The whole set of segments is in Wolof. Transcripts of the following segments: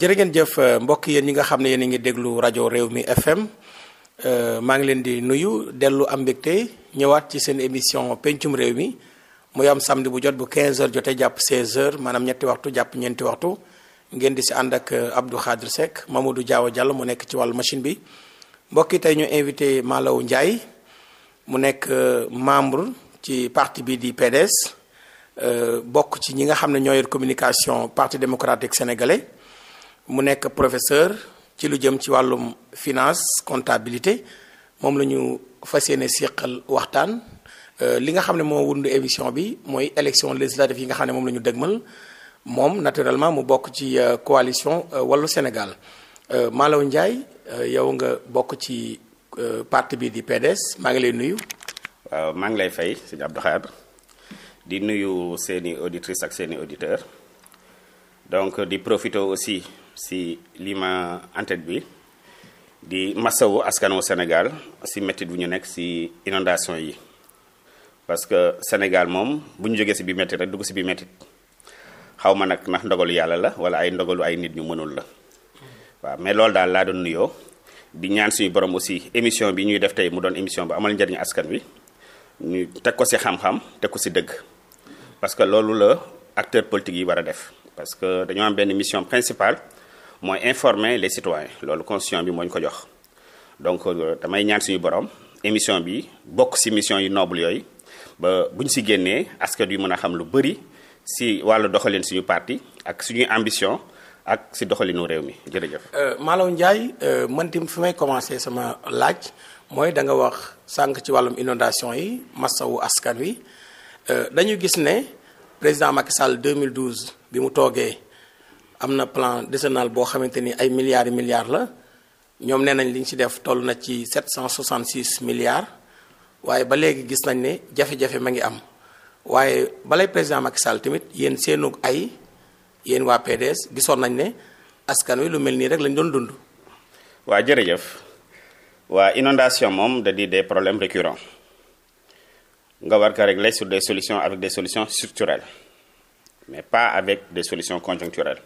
jërë ngeen jëf euh, mbokk yéen ñi nga xam ne yéen a ngi déglu rajo réew mi FM euh, maa ngi leen di nuyu dellu am mbégte ñëwaat ci seen émission pencum réew mi muy am samedi bu jot bu 15h jotee jàpp 16h maanaam ñetti waxtu jàpp ñeenti waxtu ngeen di si ànd ak euh, Abdou Khadre Seck Mamadou Diaw jàll mu nekk ci wàllu machine bi mbokk yi tey ñu invité Malaw Ndiaye mu nekk membre ci parti bi di PDS bokk ci ñi nga xam ne ñoo yor communication parti démocratique sénégalais. mu nekk professeur ci lu jëm ci wàllum finance comptabilité moom la ñu fas yéene seqal waxtaan euh, li nga xam ne moo wundu émission bi mooy élection législative yi nga xam ne moom lañu ñu dëgmal moom naturellement mu bokk ci euh, coalition euh, Wallu Sénégal Malaw Ndiaye yow nga bokk ci parti bi di PDS maa ngi lay nuyu. waaw maa ngi lay fay sëñ Abdou Khadre di nuyu seeni auditrice ak seeni auditeur donc di profiter aussi si li ma en bi di masawu askanu Sénégal si méttit bu ñu nekk si inondation yi parce que Sénégal moom bu ñu jógee si bi méttit rek dugg si bi méttit xaw ma nag ndax ndogalu yàlla la wala ay ndogalu ay nit ñu mënul la waaw mais loolu daal laa doon nuyoo di ñaan suñu borom aussi émission bi ñuy def tey mu doon émission bu amal njëriñ askan wi ñu teg ko si xam-xam teg ko si dëgg parce que loolu la acteur politique yi war a def parce que dañoo am benn mission principale mooy informer les citoyens loolu constitution bi mooñ ko jox donc euh, damay ñaan suñu borom émission bi bokk ci mission yi noble yooyu ba bu ñu ci génnee askan wi mën a xam lu bëri si wàll doxalin suñu parti ak suñuy ambition ak si doxalinu réew mi jërëjëf. Euh, Malaw Ndiaye euh, man tim fi may commencer sama laaj mooy da nga wax sànq ci wàllum inondation yi wu askan wi dañu gis ne président Macky Sall 2012 bi mu toogee. am na plan décennal boo xamante ni ay milliards yi milliards la ñoom nee nañ li ñu ci def toll na ci cent 766 milliards waaye ba léegi gis nañ ne jafe-jafe ma ngi am waaye balay président Macky Sall tamit yéen seenug ay yéen waa PDS gisoon nañ ne askan wi lu mel nii rek lañ doon dund. waa jërëjëf waa inondation moom da de des problèmes récurrents nga war ko régler su des solutions avec des solutions structurelles mais pas avec des solutions conjoncturelles.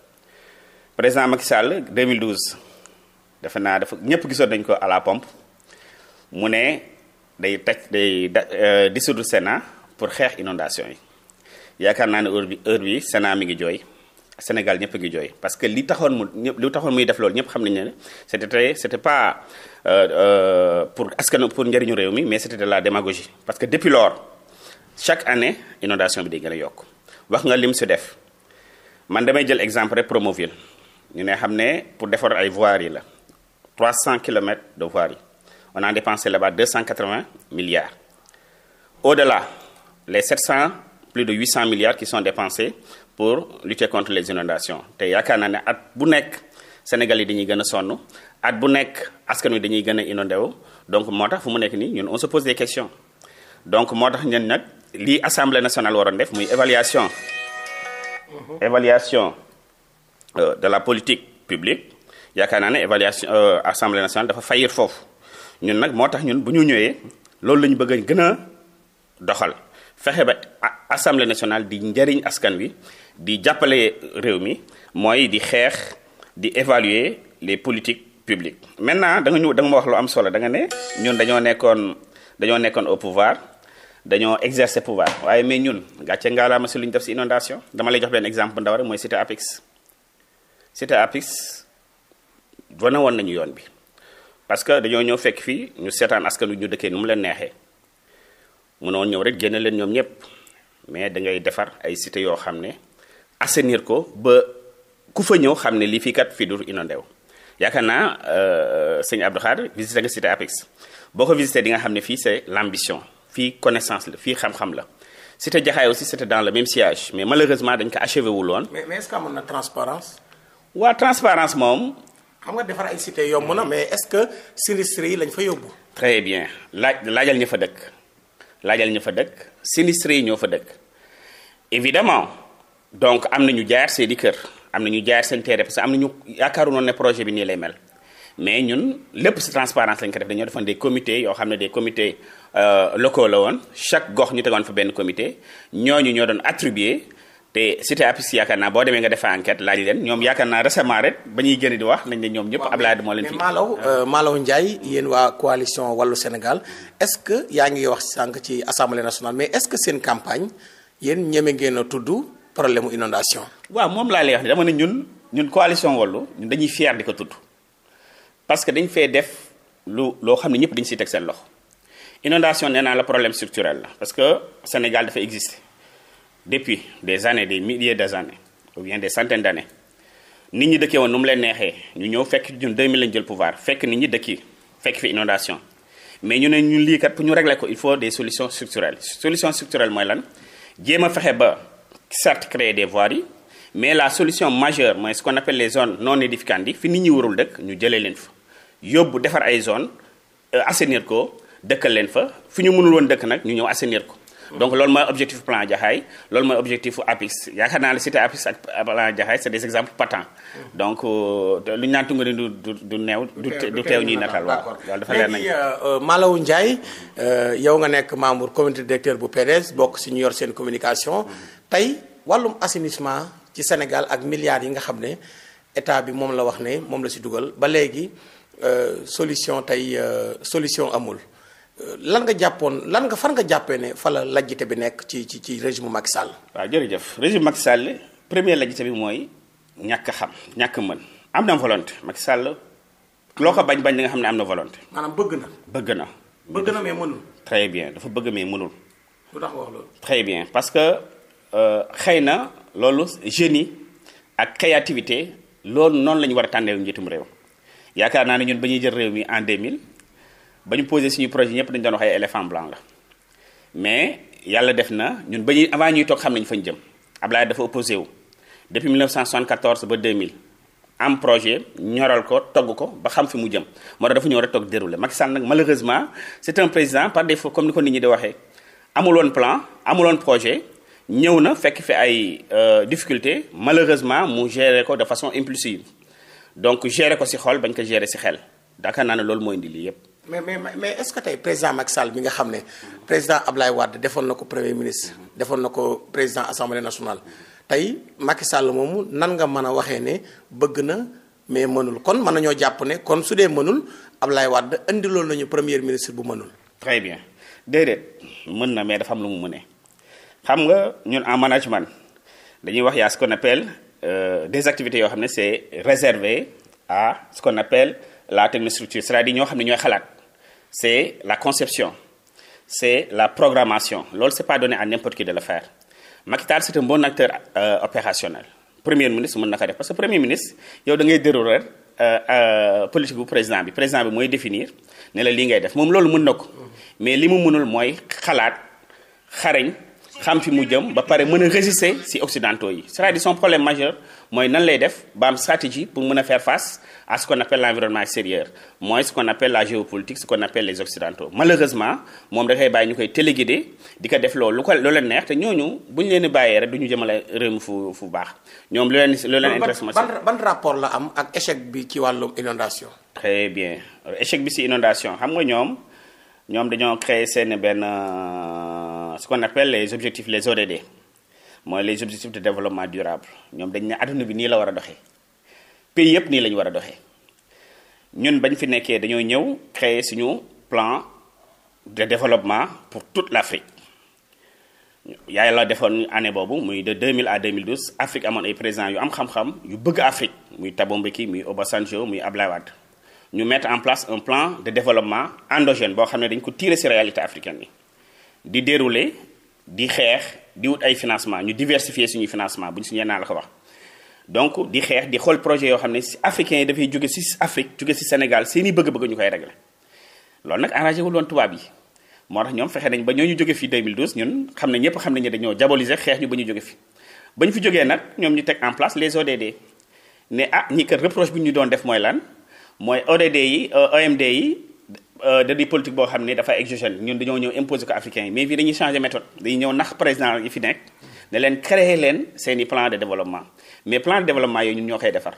président Macky Sall 2012 defe naa dafa ñëpp gisoon dañ ko à la pompe mu ne day taj day da euh, dissoudre Sénat pour xeex inondation yi yaakaar naa ne heure bi heure bi Sénat mi ngi jooy Sénégal ñëpp ngi jooy parce que li taxoon mu ñëpp li taxoon muy def loolu ñëpp xam nañu ne c'était c'était pas euh, euh, pour askan pour njëriñu réew mi mais c'était de la démagogie parce que depuis chaque année inondation bi de gën a yokk wax nga lim si def man damay jël exemple rek Promoville ñu ne xam ne pour deforo ay voiries la 300 kilomètres de voiries on a dépensé là-bas 280 milliards au-delà les 700 plus de 800 milliards qui sont dépensés pour lutter contre les inondations te yaakaar naa ne at bu nekk Sénégal yi dañuy gën a sonn at bu nekk askan wi dañuy gën a inondé wu donc moo tax fu mu nekk nii ñun on se pose des questions donc moo tax ñun nag lii assemblée nationale waroon def muy évaluation. Mhm. évaluation. Euh, de la politique publique yaakaar naa ne évaluation euh, assemblée nationale dafa fayir foofu ñun nag moo tax ñun bu ñu ñëwee loolu la ñu bëgg a gën a doxal fexe ba assemblée nationale di njëriñ askan wi di jàppale réew mi mooy di xeex di évaluer les politiques publiques. maintenant da nga ñu da nga ma wax lu am solo da nga ne ñun dañoo nekkoon dañoo nekkoon au pouvoir dañoo exercer pouvoir waaye mais ñun gàcce ngaalaama si lu ñu def si inondation dama lay jox benn exemple bu mooy cité APEX. cité APIX wone woon nañu yoon bi parce que dañoo ñëw fekk fii ñu seetaan askan wi ñu dëkkee nu mu leen neexee mënoon ñëw rek génne leen ñoom ñëpp mais da defar ay cité yoo xam ne assainir ko ba ku fa ñëw xam ne lii fii kat fii du inondé wu yaakaar naa euh, sëñ Abdou Khadre visité nga cité APIX boo ko visité di nga xam ne fii c'est l'ambition fii connaissance la fii xam-xam la cité Jaxaay aussi c'était dans le même siège mais malheureusement dañ ko achevé na transparence waa transparence moom. xam nga defar ay yow mun na mais est-ce que sinistre yi lañ fa yóbbu. très bien laaj laajal ñu fa dëkk laajal ñu fa dëkk sinistre yi ñoo fa dëkk évidemment donc am na ñu jaar seeni kër am na ñu jaar seen terre parce que am na ñu yaakaaru noonu ne projet bi nii lay mel. mais ñun lépp ci transparence lañ ko def dañoo defoon des comités yoo xam ne des comités euh, locaux la woon chaque gox ñu tegoon fa benn comité ñooñu ñoo doon attribuer te cité apis yaakaar naa boo demee nga defee enquête laaj leen ñoom yaakaar naa récemment rek ba ñuy gën di wax nañ ne ñoom ñëpp Abdoulaye moo leen fi Malaw euh, Malaw Ndiaye yéen waa coalition wàllu Sénégal est-ce que yaa ngi wax sànq ci assemblée nationale mais est-ce que seen campagne yéen ñeme ngeen a tudd problème mu inondation waaw moom laa lay wax ne dama ne ñun ñun coalition wàllu ñun dañuy fier di ko tudd parce que dañ fee def lu loo xam ne ñëpp dañ siy teg seen loxo inondation nee naa la problème structurel la parce que Sénégal dafa exister depuis des années des milliers des années ou bien des centaines d'années nit ñi dëkkee woon nu mu leen neexee ñu ñëw fekk ñun 2000 lañ jël pouvoir fekk nit ñi dëkki fekk fi inondation mais ñu ne ñun lii kat pour ñu régler ko il faut des solutions structurelles solution structurelle mooy lan jéem a fexe ba certes créer des yi mais la solution majeure mais ce qu'on appelle les zones non édificantes yi fi nit ñi warul dëkk ñu jëlee leen fa yóbbu defar ay zones euh, assainir ko dëkkal leen fa fi ñu mënul dëkk nag ñu ñëw assainir ko donc loolu mooy objectif plan Jaxaay loolu mooy objectif APIX yaakaar naa ne cité APIX ak plan Jaxaay c'est des exemples patents donc euh, lu ñu naan tunga ni du du neew du teew ñuy natal waaw loolu dafa leer nañu euh, euh, Malaw Ndiaye yow nga nekk membre comité directeur bu PDS bokk si ñu yor seen communication tey wàllum assainissement ci Sénégal ak milliards yi nga xam ne état bi moom la wax ne moom la si dugal ba léegi solution tey solution amul lan nga jàppoon lan nga fan nga jàppee ne fa la bi nekk ci ci ci régime Macky Sall. waaw jërëjëf régime Macky Sall première lajjite bi mooy ñàkk xam ñàkk mën am na volonté Macky Sall loo bañ bañ da nga xam ne am na volonté. maanaam bëgg na. bëgg na. bëgg na mais mënul. très bien dafa bëgg mais mënul. lu wax loolu. très bien parce que euh, xëy na loolu jeunes yi ak créativité loolu noonu la ñu war a tànnee njiitum réew yaakaar naa ne ñun ba ñuy jël réew mi en 2000. ba ñu posé suñu projet ñëpp dañu doon wax ay éléphant blanc la mais yàlla def na ñun ba ñuy avant ñuy toog xam nañu ñu jëm Ablaye dafa opposé wu depuis 1974 ba 2000 am projet ñoral ko togg ko ba xam fi mu jëm moo tax dafa ñëw rek toog déroulé Macky Sall nag malheureusement c'est un président par défaut comme ni ko nit ñi di waxee amuloon plan amuloon projet ñëw na fekk fi ay euh, difficulté malheureusement mu géré ko de façon impulsive donc géré ko ci xol bañ ko géré ci xel daakaar naa ne loolu mooy indi lii mais mais mais est-ce que tey président Macky Sall nga xam ne président Ablaye Wade defoon na ko premier ministre. defoon na ko président assemblée nationale. tey Macky Sall moomu nan nga mën a waxee ne bëgg na mais mënul kon mën nañoo jàpp ne kon su dee mënul Ablaye Wade indiloon nañu premier ministre bu mënul. très bien déedéet mën na mais dafa am lu mu mënee xam nga ñun en management dañuy wax yaa ce ko appelle euh, des activités yoo xam ne c'est réservé à ce qu'on appelle la technostructure cest à ñoo xam ne ñooy xalaat. c'est la conception c'est la programmation loolu c'est pas donné à n'importe qui de le faire Macky Sall c'est un bon acteur euh, opérationnel premier ministre mën na ko def parce que premier ministre yow da ngay dérouler euh, euh, politique bu président bi président bi mooy définir ne la lii ngay def moom loolu mun na ko mmh. mais li mu mënul mooy xalaat xarañ xam fi mu jëm ba pare mën a résister si occidentaux yi c'est-à-dire son problème majeur mooy nan lay def ba am stratégie pour mën a faire face à ko qu'on appelle l'environnement extérieur mooy ce qu'on appelle la géopolitique ce qu'on appelle les occidentaux malheureusement moom dafay bàyyi ñu koy téléguidé di ko def loolu lu ko lu leen neex te ñooñu bu ñu leen di bàyyee rek du ñu jëmale réew mi fu fu baax ñoom lu leen lu leen intéresse ban rapport la am ak échec bi ci wàllum inondation bien échec si inondation xam nga ñoom ñoom dañoo créer seen benn euh, ce qu'on appelle les objectifs les ODD mooy les objectifs de développement durable ñoom dañ ne adduna bi nii la war a doxee pays yëpp nii lañ war a doxee ñun bañ fi nekkee dañoo ñëw créer suñu plan de développement pour toute l'Afrique yaay la defoon année boobu muy de 2000 à 2012 Afrique amoon ay présidents yu am xam-xam yu bëgg Afrique muy Thabo Mbeki muy Obasanjo muy Abdoulaye ñu mettre en place un plan de développement endogène boo xam ne dañ ko tirer ci réalité africaine yi di dérouler di xeex di wut ay financement ñu diversifier suñuy financement bu ñu si ñeen naa la ko wax donc di xeex di xool projet yoo xam ne si africains yi dafay jóge si Afrique jóge si Sénégal seeni bëgg-bëgg ñu koy régler loolu nag arrangé wul woon tubaab yi moo tax ñoom fexe nañ ba ñoo ñu jóge fii 2012 ñun xam ne ñëpp xam nañ ne dañoo xeex ñu ba ñu jóge fi ba ñu fi jógee nag ñoom ñu teg en place les ODD ne ah ñi kat reproche bi ñu doon def mooy lan mooy ODD yi euh, OMD yi euh, da di politique boo xam ne dafa exogène ñun dañoo ñëw imposer ko africain yi mais fii dañuy changer méthode dañuy ñëw nax président yi fi nekk ne leen créer leen seen plan de développement mais plan de développement yooyu ñun ñoo koy defar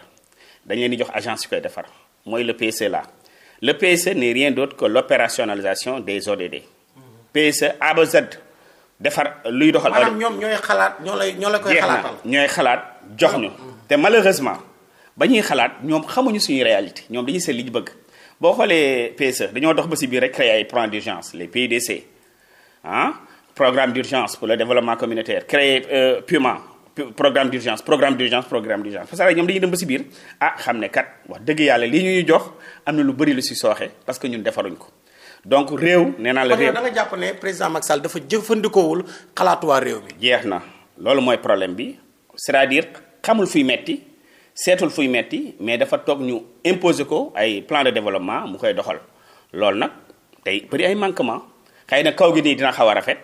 dañ leen di jox agence yu koy defar mooy le PSE là le PSE n'est rien d'autre que l'opérationnalisation des ODD PSE A ba Z defar luy doxal. maanaam ñoom ñooy xalaat ñoo lay ñoo la koy ñooy xalaat jox ñu mm-hmm. te malheureusement. ba ñuy xalaat ñoom xamuñu suñu réalité ñoom dañuy seet li ñu bëgg boo xoolee PSE dañoo dox ba si biir rek créer ay plan d'urgence les PDC ah programme d'urgence pour le développement communautaire créer euh, PUMA programme d'urgence programme d'urgence programme d'urgence parce que ñoom dañuy dem ba si biir ah xam ne kat wax dëgg yàlla lii ñu ñu jox am na lu bëri lu si sooxee parce que ñun defaruñ ko donc réew nee naa la réew da nga jàpp ne président Macky Sall dafa jëfandikoowul xalaatuwaa réew mi. jeex na loolu mooy problème bi cest à xamul fuy metti seetul fuy metti mais dafa toog ñu imposé ko ay plan de développement mu koy doxal loolu nag tey bëri ay manquement xëy na kaw gi nii dina xaw a rafet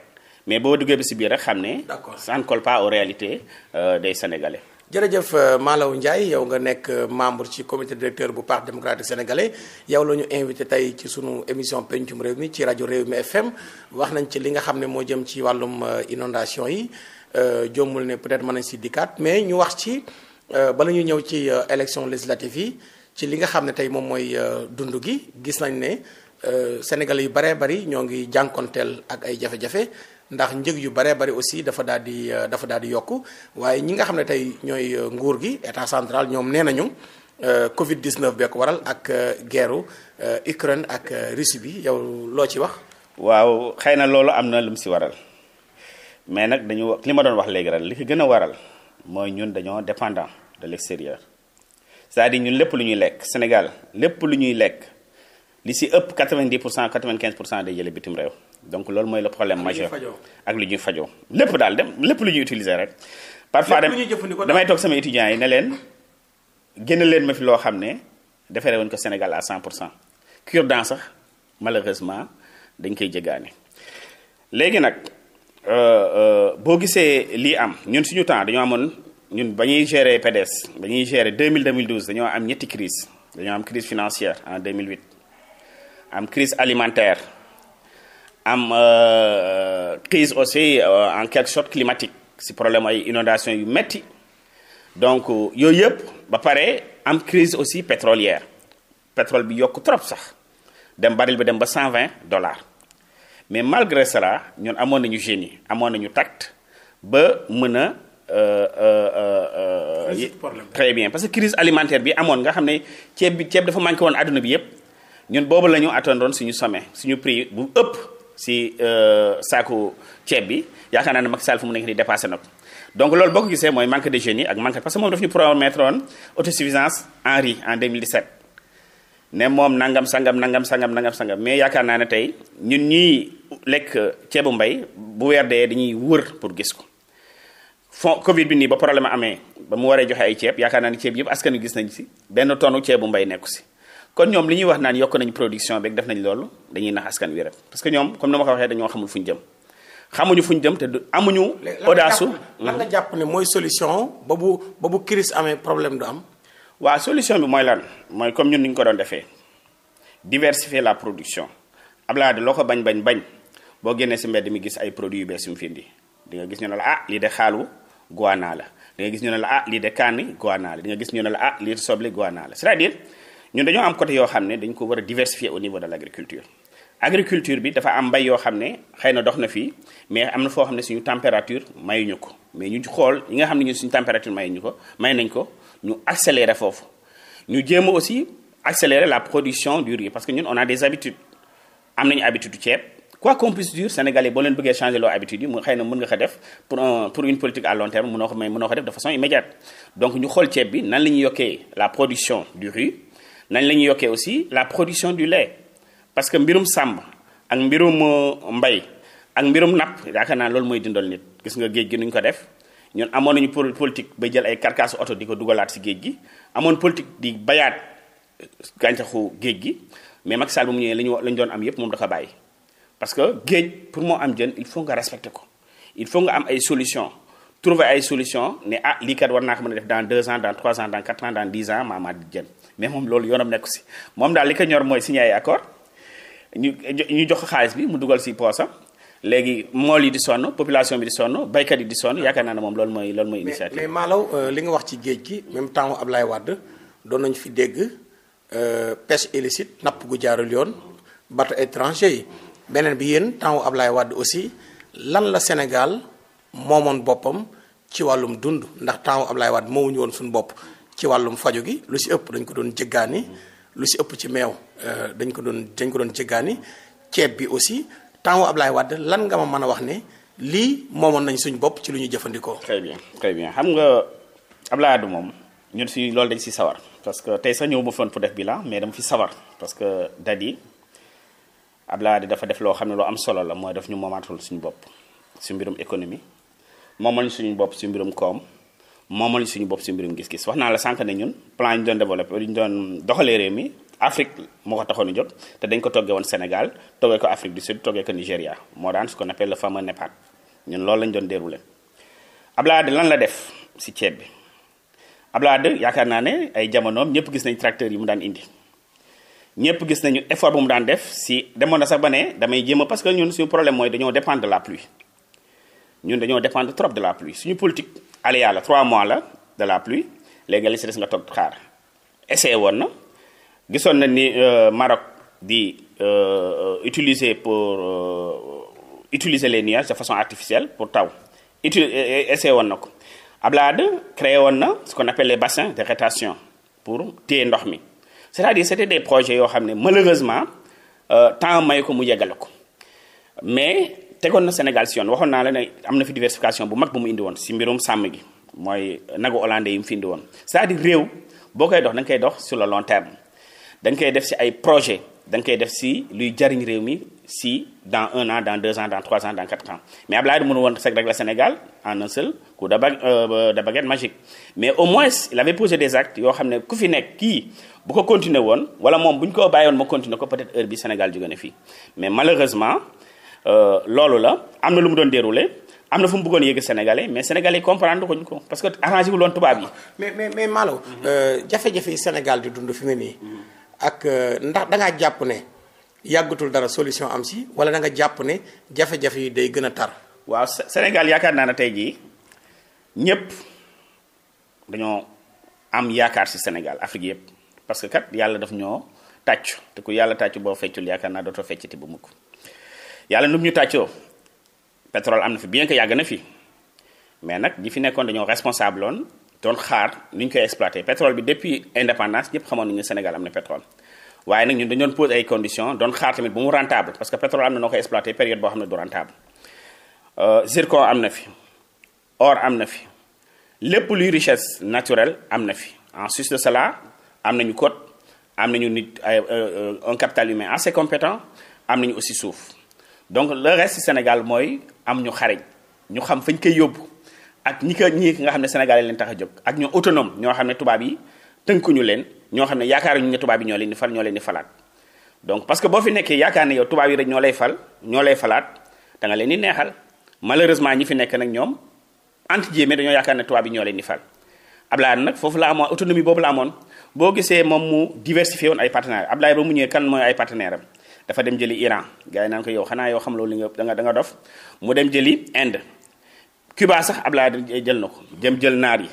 mais boo duggee bi si biir rek xam ne. d'accord ça ne colle pas aux réalités euh, des Sénégalais. jërëjëf euh, Malaw Ndiaye yow nga nekk euh, membre ci comité directeur bu parti démocratique sénégale yow la ñu invité tey ci sunu émission pencum réew mi ci rajo réew mi FM wax nañ ci li nga xam ne moo jëm ci wàllum euh, inondation yi jommul ne peut-être mën nañ si dikkaat mais ñu wax ci. Euh, bala ñu ñëw ci euh, élection législative yi ci li nga xam ne tey moom mooy euh, dund gi gis nañ ne sénégal yu baree bari ñoo ngi jànkonteel ak ay jafe-jafe ndax njëg yu baree bari aussi dafa daal di dafa daal di yokku waaye ñi nga xam ne tey ñooy nguur gi état central ñoom nee nañu Covid 19 beek waral ak guerru Ukraine ak Russie bi yow loo ci wax. waaw xëy na loolu am na lu mu si waral mais nag dañu li ma doon wax léegi rek li ko gën a waral mooy ñun dañoo dépendant. de l'extérieur di ñun lépp lu ñuy lekk Sénégal lépp lu ñuy lekk li si ëpp 90 pour cent 95 pour cent day jële bitim réew donc loolu mooy le problème majeur ak lu ñuy fajoo lépp daal dem lépp lu ñuy utiliser rek parfois dem damay toog sama étudiants yi ne leen génne leen ma fi loo xam ne defaree woon ko Sénégal à 100 pour cent cure-dent sax malheureusement dañ koy jéggaane léegi nag euh, euh, boo gisee lii am ñun suñu temps dañoo amoon ñun ba ñuy gérer PDS ba ñuy gérer 2000 2012 dañoo am ñetti crise dañoo am crise financière en 2008 am crise alimentaire am euh, crise aussi euh, en quelque sorte climatique si problème ay inondation yu metti donc yooyu yëpp ba pare am crise aussi pétrolière pétrole bi yokk trop sax dem baril bi dem ba 120 dollars mais malgré cela ñoon amoon nañu génie amoon nañu tact ba mën a Euh, euh, euh, très bien parce que crise alimentaire bi amoon nga xam ne ceeb bi ceeb dafa manqué woon adduna bi yépp ñun boobu la ñu attendoon suñu sommet suñu prix bu ëpp si saaku ceeb bi yaakaar naa ne Macky Sall fu mu nekk nii dépassé na ko donc lool boo ko gisee mooy manque de génie ak manque parce que moom daf ñu promettre woon autosuffisance en riz en 2017 ne moom nangam sangam nangam sangam nangam sangam mais yaakaar naa ne tey ñun ñii lekk ceebu mbay bu weer dee dañuy wër pour gis ko. fon Covid bi nii ba problème amee ba mu waree joxe ay ceeb yaakaar naa ne ceeb yëpp askan wi gis nañ si benn tonnu ceebu mbay nekku si kon ñoom li ñuy wax naan yokk nañ production beeg def nañ loolu dañuy nax askan wi rek parce que ñoom comme ni ma ko waxee dañoo xamul fu ñu jëm xamuñu fu ñu te du amuñu. audace lan nga jàpp ne mooy solution ba bu ba bu amee problème du am. waaw solution bi mooy lan mooy comme ñun ni ñu ko doon defee diversifier la production Abdoulaye loo ko bañ bañ bañ boo génnee si mbedd mi gis ay produit yu bees yu mu fi indi di nga gis ñu ne la ah lii de xaalu. goi guana la di gis ñu ne la ah lii de kaani guana la di gis ñu ne la ah lii soble guana la c'est-à-dire ñun dañoo am côté yoo xam ne dañ ko war a diversifier au niveau de l'agriculture agriculture bi dafa am mbay yoo xam ne xëy na dox na fii mais am na foo xam ne suñu température mayuñu ko mais ñu xool yi nga xam ne ñun suñu température mayuñu ko may nañ ko ñu accélérer foofu ñu jéem aussi accélérer la production du riz parce que ñun on a des habitudes am nañu habitude ceeb quoi qu'on puisse dire sénégalais boo leen bëggee changer loo habitude yi mu na mën nga ko def pour un ñu xool ceeb bi nan la ñuy yokkee la production du riz nan la ñuy yokkee aussi la production du lait parce que mbirum sàmm ak mbirum euh, mbay ak mbirum napp yaakaar naa loolu mooy dindal nit gis nga géej gi nuñ ko def ñun amoon nañu politique ba jël ay carcasse oto di ko dugalaat si géej gi amoon politique di bayaat euh, gàncaxu géej gi mais Macky Sall bu mu ñëwee la ñu doon am yépp moom da ko bàyyi parce que géej pour moo am jën il faut nga respecter ko il faut nga am ay solution trouver ay solution ne ah lii war naa ko mën a def dans 2 ans dans 3 ans dans 4 ans dans 10 ans maama jën mais moom loolu yoonam nekku si moom daal li ko ñor mooy signé ay accord ñu ñu jox xaalis bi mu dugal si poosam léegi mool yi di sonn population bi di sonn baykat yi di sonn yaakaar naa ne moom loolu mooy loolu mooy initiative mais Malaw euh, li nga wax ci géej gi même temps Ablaye Wade doon nañu fi dégg euh, pêche illicite napp gu jaarul yoon bateau étranger yi beneen bi yéen temps ab Ablaye Wade aussi lan la Sénégal moomoon boppam ci wàllum dund ndax temps wu Ablaye Wade moowuñu woon suñu bopp ci wàllum faju gi lu si ëpp dañ ko doon jéggaani lu si ëpp ci meew euh, dañ ko doon dañ ko doon jéggaani ceeb bi aussi temps wu Ablaye Wade lan nga ma mën a wax ne lii moomoon nañ suñu bopp ci lu ñu jëfandikoo. très bien xam nga Ablaye moom ñun si loolu dañ si sawar parce que tey sa ñëw ma foon pour def bilan mais dama fi sawar parce que yi Abdoulaye dafa def loo xam ne lu am solo la mooy daf ñu moomatul suñu bopp si mbirum économie moomal suñu bopp si mbirum koom moomal suñu bopp si mbirum gis-gis wax naa la sànq ne ñun plan yi ñu doon ñu doon doxalee réew mi Afrique moo ko taxoon a te dañ ko toggee woon Sénégal toggee ko Afrique du Sud toggee ko Nigéria moo daan ce qu'on appelle le fameux NEPAD ñun loolu lañ doon déroulé Abdoulaye lan la def si ceeb bi Abdoulaye Wade yaakaar naa ne ay jamonoom ñëpp gis nañ tracteurs yi mu daan indi. ñëpp gis nañu effort bu mu daan def si demoon na sax ba ne damay jéem a parce que ñun suñu problème mooy dañoo dépendre de la pluie ñun dañoo dépendre trop de la pluie suñu politique aléa la 3 mois la de la pluie léegi nga li si des nga toog xaar essayé woon na gisoon na ni euh, Maroc di euh, euh, utiliser pour utiliser les nuages de façon artificielle pour taw uti essayé woon na ko Abdoulaye Wade créé woon na ce qu'on appelle les bassins de rétention pour téye ndox mi c'est-à-dire c'était des projets yoo xam ne malheureusement euh, temps may ko mu yeggale ko mais tegoon na Sénégal si yoon waxoon naa la ne am na fi diversification bu mag bu mu indi woon si mbirum sàmm gi mooy nagu hollandais yi mu fi indi woon c'est-à-dire réew boo koy dox da koy dox sur la long terme da koy def si ay projet da koy def si luy jariñ réew mi si dans un an dans deux ans dans trois ans dans quatre ans mais Abdoulaye Wade mënu woon rek régler Sénégal en un seul coup de bague euh, de baguette magique mais au moins il avait posé des actes yoo xam ne ku fi nekk kii bu ko continuer woon wala moom bu ñu ko bàyyi woon ma continuer ko peut-être heure bi Sénégal jóge fii mais malheureusement euh, loolu la am na lu mu doon déroulé am na fu mu bëggoon yëg Sénégalais mais Sénégalais comprendre ko ñu ko parce que yàggatul dara solution am si wala da nga jàpp ne jafe-jafe yi day gën a tar. waaw Sénégal yaakaar naa ne tey jii ñëpp dañoo am yaakaar si Sénégal Afrique yëpp parce que kat yàlla daf ñoo tàccu te ku yàlla tàccu boo feccul yaakaar naa dootoo feccati bu mukk yàlla nu ñu tàccoo pétrole am na fi bien que yàgg na fi mais nag ñi fi nekkoon dañoo responsable woon doon xaar nu ñu koy exploité pétrole bi depuis indépendance ñëpp xamoon nañu senegal am n pétrole. waaye nag ñun dañu doon poser ay condition doon xaar tamit bu mu rentable parce que pétrole am na noo koy exploité période boo xam ne du rentable euh, zircon am na fi or am na fi lépp luy richesse naturelle am na fi en sus de cela am ñu côte am nañu nit euh, euh, un capital humain assez compétent am nañu aussi suuf donc le reste Sénégal mooy am ñu xarañ ñu xam fañ koy yóbbu ak ñi ko ñi nga xam ne Sénégal yi leen tax a jóg ak ñoo autonome ñoo xam ne tubaab yi tënkuñu leen ñoo xam ne yaakaar ñu ne tubaab yi ñoo leen di fal ñoo leen di falaat donc parce que boo fi nekkee yaakaar ne tubaab yi rek ñoo lay fal ñoo lay falaat da nga leen ni neexal malheureusement ñi fi nekk nag ñoom entre guillemets dañoo yaakaar ne tubaab yi ñoo leen di fal laa nag foofu la amoon autonomie boobu la amoon boo gisee moom mu diversifié woon ay partenaire Ablaye ba mu ñëwee kan mooy ay partenaire am dafa dem jëli Iran gars yi naan ko yow xanaa yoo xam loolu li nga da nga da nga dof mu dem jëli Inde Cuba jël na ko dem jël naar yi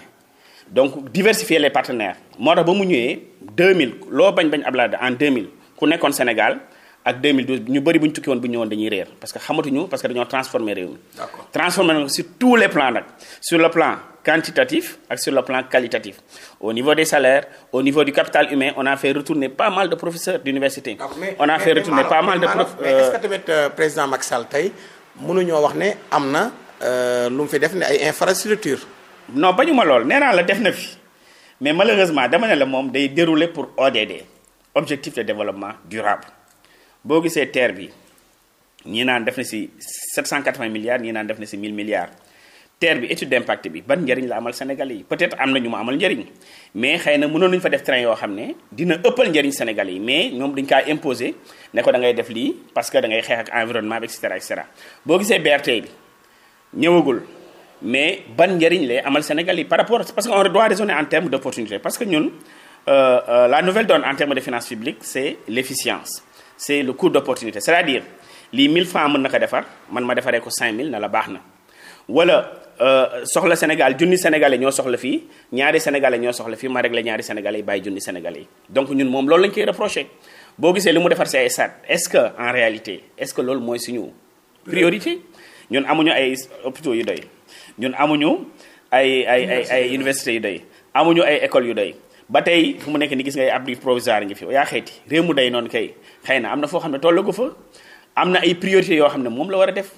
donc diversifier les partenaires moo tax ba mu ñëwee 2000 loo bañ bañ Abdoulaye en 2000 ku nekkoon Sénégal ak 2012 ñu bëri bu ñu tukki woon bu ñëwoon dañuy réer parce que xamatuñu parce que dañoo transformer réew mi. d'accord transformer sur tous les plans nag sur le plan quantitatif ak sur le plan qualitatif au niveau des salaires au niveau du capital humain on a fait retourner pas mal de professeurs d'université. on a fait retourner pas mal de prof. mais est-ce euh, euh, wax ne am na euh, lu mu fi def ne ay infrastructures. non bañuma ma lool nee naa la def na fi mais malheureusement dama ne la moom day dérouler pour ODD objectif de développement durable boo gisee terre bi ñii naan def na si 780 milliards ñii naan def na si 1000 milliards terre bi étude d'impact bi ban njëriñ la amal Sénégalais yi peut-être am na ñu ma amal njëriñ mais xëy na mënoon nañu fa def train yoo xam ne dina ëppal njariñ sénégal yi mais ñoom dañu kaa imposer ne ko da ngay def lii parce que da ngay xeex ak environnement bi et cetera et boo gisee BRT bi ñëwagul. mais ban njëriñ lay amal Sénégal yi par rapport parce que on doit raisonner en termes que ñun euh, euh, la nouvelle donne en termes de finances publiques c'est le coût d'opportunité c'est-à-dire lii 1000 na ko defar man ma defaree ko 5000 na baax na wala euh, soxla Sénégal junni sénégalais ñoo soxla fii ñaari sénégalais ñoo soxla fii ma réglé ñaari sénégalais yi bàyyi junni sénégalais yi donc ñun loolu lañ koy reproché boo gisee li mu defar si ay stade est en réalité est-ce que loolu mooy suñu priorité ñun amuñu ay hôpitaux yu doy ñun amuñu ay ay ay ay université yu doy amuñu ay école yu doy ba tey fu mu nekk ni gis ngay abri provisoire ngi fi yaa xeeti réew mu dey noonu kay xëy na am na foo xam ne toll ko fa am na ay priorité yoo xam ne moom la war a def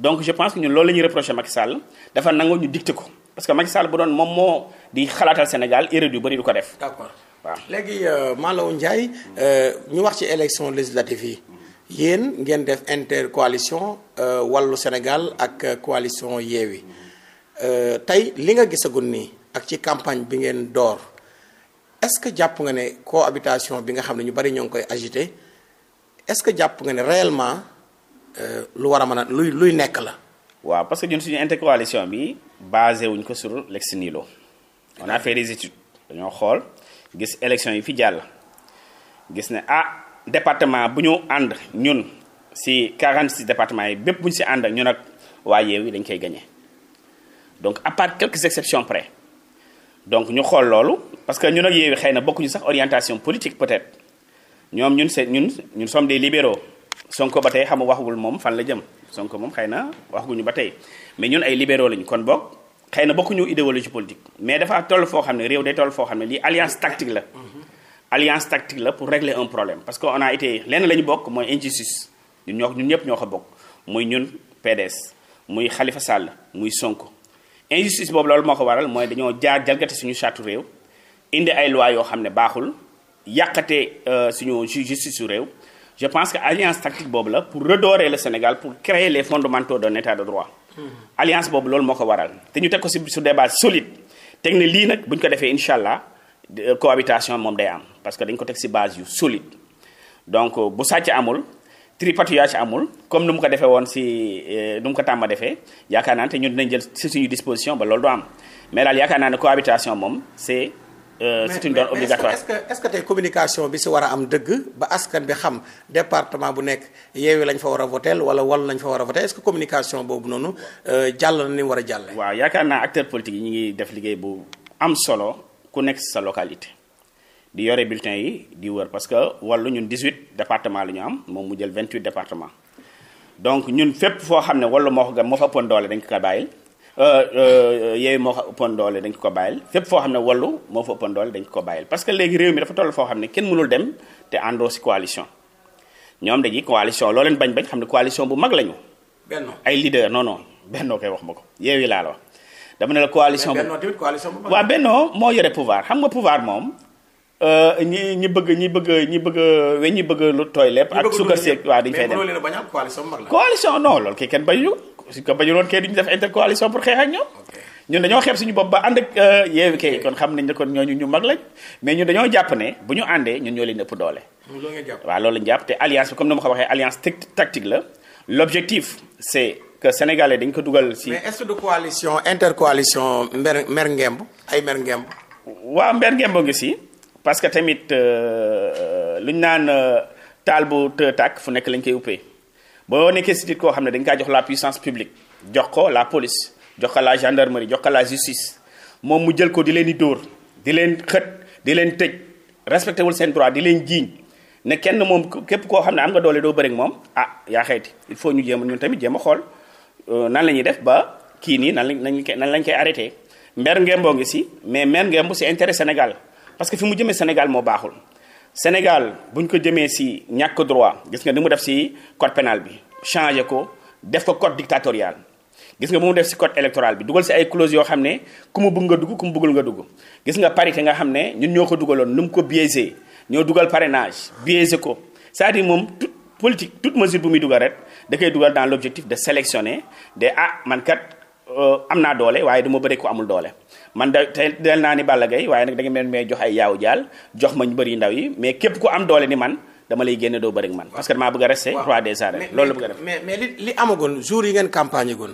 donc je pense que ñun loolu la ñuy reproché Macky Sall dafa nangoo ñu dicté ko parce que Macky Sall bu doon moom moo di xalaatal Sénégal erreur yu bëri du ko def. d'accord waaw léegi euh, Malaw Ndiaye euh, ñu wax ci élection législative yi. yéen ngeen def intercoalition euh, wàllu Sénégal ak coalition Yewwi. Euh, tey li nga gisagun nii ak ci campagne bi ngeen door est-ce que jàpp nga ne cohabitation bi nga xam ne ñu bari ñoo ngi koy agité est-ce que jàpp nga ne réellement euh, lu war a mën a luy luy nekk la. waaw parce que ñun suñu intercoalition bi basé wuñ ko sur l'ex nihilo on a fait des dañoo xool gis élection yi fi jàll gis ne ah département bu ñu ànd ñun si quarante si départements yi bépp bu ñu si ànd ak ñun ak waa Yewwi dañ koy gañe donc à part quelques exceptions près donc ñu xool loolu parce que ñun ak Yewwi xëy na bokkuñu sax orientation politique peut-être ñoom ñun c'est ñun ñun sommes des libéraux Sonko ba tey xamu waxagul moom fan la jëm Sonko moom xëy na waxaguñu ba tey mais ñun ay libéraux lañu kon boog xëy na bokkuñu idéologie politique mais dafa toll foo xam ne réew day toll foo xam ne lii alliance tactique la alliance tactique la pour régler un problème parce que on a été la ñu bokk mooy injustice ñun ñoo ñun ñëpp ñoo ko bokk muy ñun PDS muy Khalifa Sall muy Sonko injustice boobu loolu moo ko waral mooy dañoo jaar jalgate suñu charte réew indi ay loi yoo xam ne baaxul yàqate euh, suñu justice su réew je pense que alliance tactique boobu la pour redorer le Sénégal pour créer les fondamentaux d'un état de droit hmm. alliance boobu loolu moo ko waral te ñu teg ko si su débat solide teg ne lii nag bu ko defee incha allah euh, cohabitation moom day am parce que dañ ko teg si base yu solide donc euh, bu sàcc amul tripatouillage amul comme nu mu ko defee woon si eh, nu mu ko tàmm defee yaakaar naa ne te ñun nañ jël si suñu disposition ba loolu du am mais daal yaakaar naa ne cohabitation moom c'est Euh, mais, c'est que est-ce que tey communication bi si war a am dëgg ba bi xam département bu nekk yeewi lañ fa war a votel wala wal lañ fa war a voté est boobu noonu euh, jàll na ni mu a jàlle yaakaar naa acteur politique yi ñu ngi def liggéey bu am solo ku nekk sa localité di yore bulletin yi di wër parce que wàllu ñun 18 département la ñu am moom mu jël 28 département donc ñun fépp foo xam ne wàllu moo ko gën moo fa ëppoon doole dañ ko ko bàyyil euh, euh, yooyu moo fa doole dañ ko ko bàyyil fépp foo xam ne wàllu moo fa ëppoon doole dañ ko ko bàyyil parce que léegi réew mi dafa toll foo xam ne kenn mënul dem te àndoo si coalition ñoom dañuy coalition loo leen bañ bañ xam ne coalition bu mag la ñu ay leader non non bennoo koy wax ma ko yeewi laa la wax ne la coalition moo yore pouvoir xam nga pouvoir moom Euh, ñi ñi bëgg ñi bëgg ñi bëgg weñ bëgg lu tooy lépp. ak suukar seeg waaw dañ fay dem mais bañ coalition bu mag la. bañu su ko bañu woon kay duñu def intercoalition pour xeex ak ñoom. ñun dañoo xeeb suñu bopp ba ànd ak euh, yeewi kay kon xam nañ ne kon ñooñu ñu mag lañ mais ñun dañoo jàpp ne bu ñu àndee ñun ñoo leen ëpp doole. loolu nga jàpp waaw loolu lañ jàpp te alliance bi comme ni ma ko waxee alliance tactique la l'objectif c'est que sénégalais dañ ko dugal si. mais est-ce que de coalition intercoalition mer mer ngemb ay mer ngemb. waaw mer ngemb si parce que tamit euh, euh, lu ñu naan euh, taal bu të tàkk fu nekk lañ koy uppee boo nekkee si koo xam ne dañ kaa jox la puissance publique jox ko la police jox ko la gendarmerie jox ko la justice moom mu jël ko di leen di dóor di leen xët di leen tëj respecté wul seen droit di leen jiiñ ne kenn moom képp koo xam ne am nga doole doo bëri moom ah yaa xayti il faut ñu jéem ñun tamit jéem a xool nan la ñuy def ba kii nii nan lañ nan lañ koy arrêté mber ngembo ngi si mais mber ngemb c'est intérêt Sénégal parce que fi mu jëmee Sénégal moo baaxul Sénégal bu ñu ko jëmee si ñàkk droit gis nga ni mu def si code pénal bi changé ko def ko code dictatorial gis nga bu mu def si code électoral bi dugal si ay clause yoo xam ne ku mu bëgg nga dugg ku mu bëggul nga dugg gis nga parité nga xam ne ñun ñoo ko dugaloon nu mu ko biaisé ñoo dugal parrainage biaisé ko cest à moom toute politique toute mesure bu muy dugal rek da koy dugal dans l'objectif de sélectionner de ah man kat euh, am naa doole waaye du bëri ku amul doole. man da te del naa ni Balla Gaye waaye nag da nga mel may jox ay yaaw jaal jox ma ñu bëri ndaw yi mais képp ku am doole ni man dama lay génne doo bëri man. parce que damaa bëgg a rester roi des arènes. loolu la bëgg a def mais mais li li amagoon jour yi ngeen campagne goon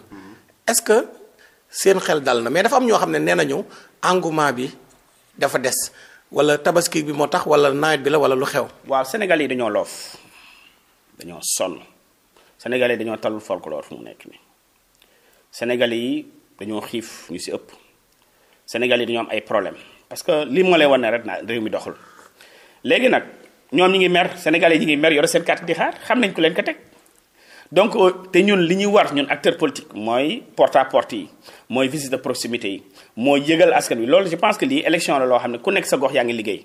est-ce que seen xel dal na mais dafa am ñoo xam ne nee nañu engouement bi dafa des wala tabaski bi moo tax wala nawet bi la wala lu xew. waaw Sénégal yi dañoo loof dañoo sonn Sénégal yi dañoo talul folklore fu nekk nii yi dañoo xiif ñu si ëpp. Sénégal yi dañoo am ay problème parce que li moo lay wan ne rek naa réew mi doxul léegi nag ñoom ñi ngi mer sénégalais ñi ngi mer yore seen carte di xaar xam nañ ku leen ko teg donc euh, te ñun li ñuy war ñun acteur politique mooy porte à porte yi mooy visite de proximité yi mooy yëgal askan wi loolu je pense que lii élection la loo xam ne ku nekk sa gox yaa ngi liggéey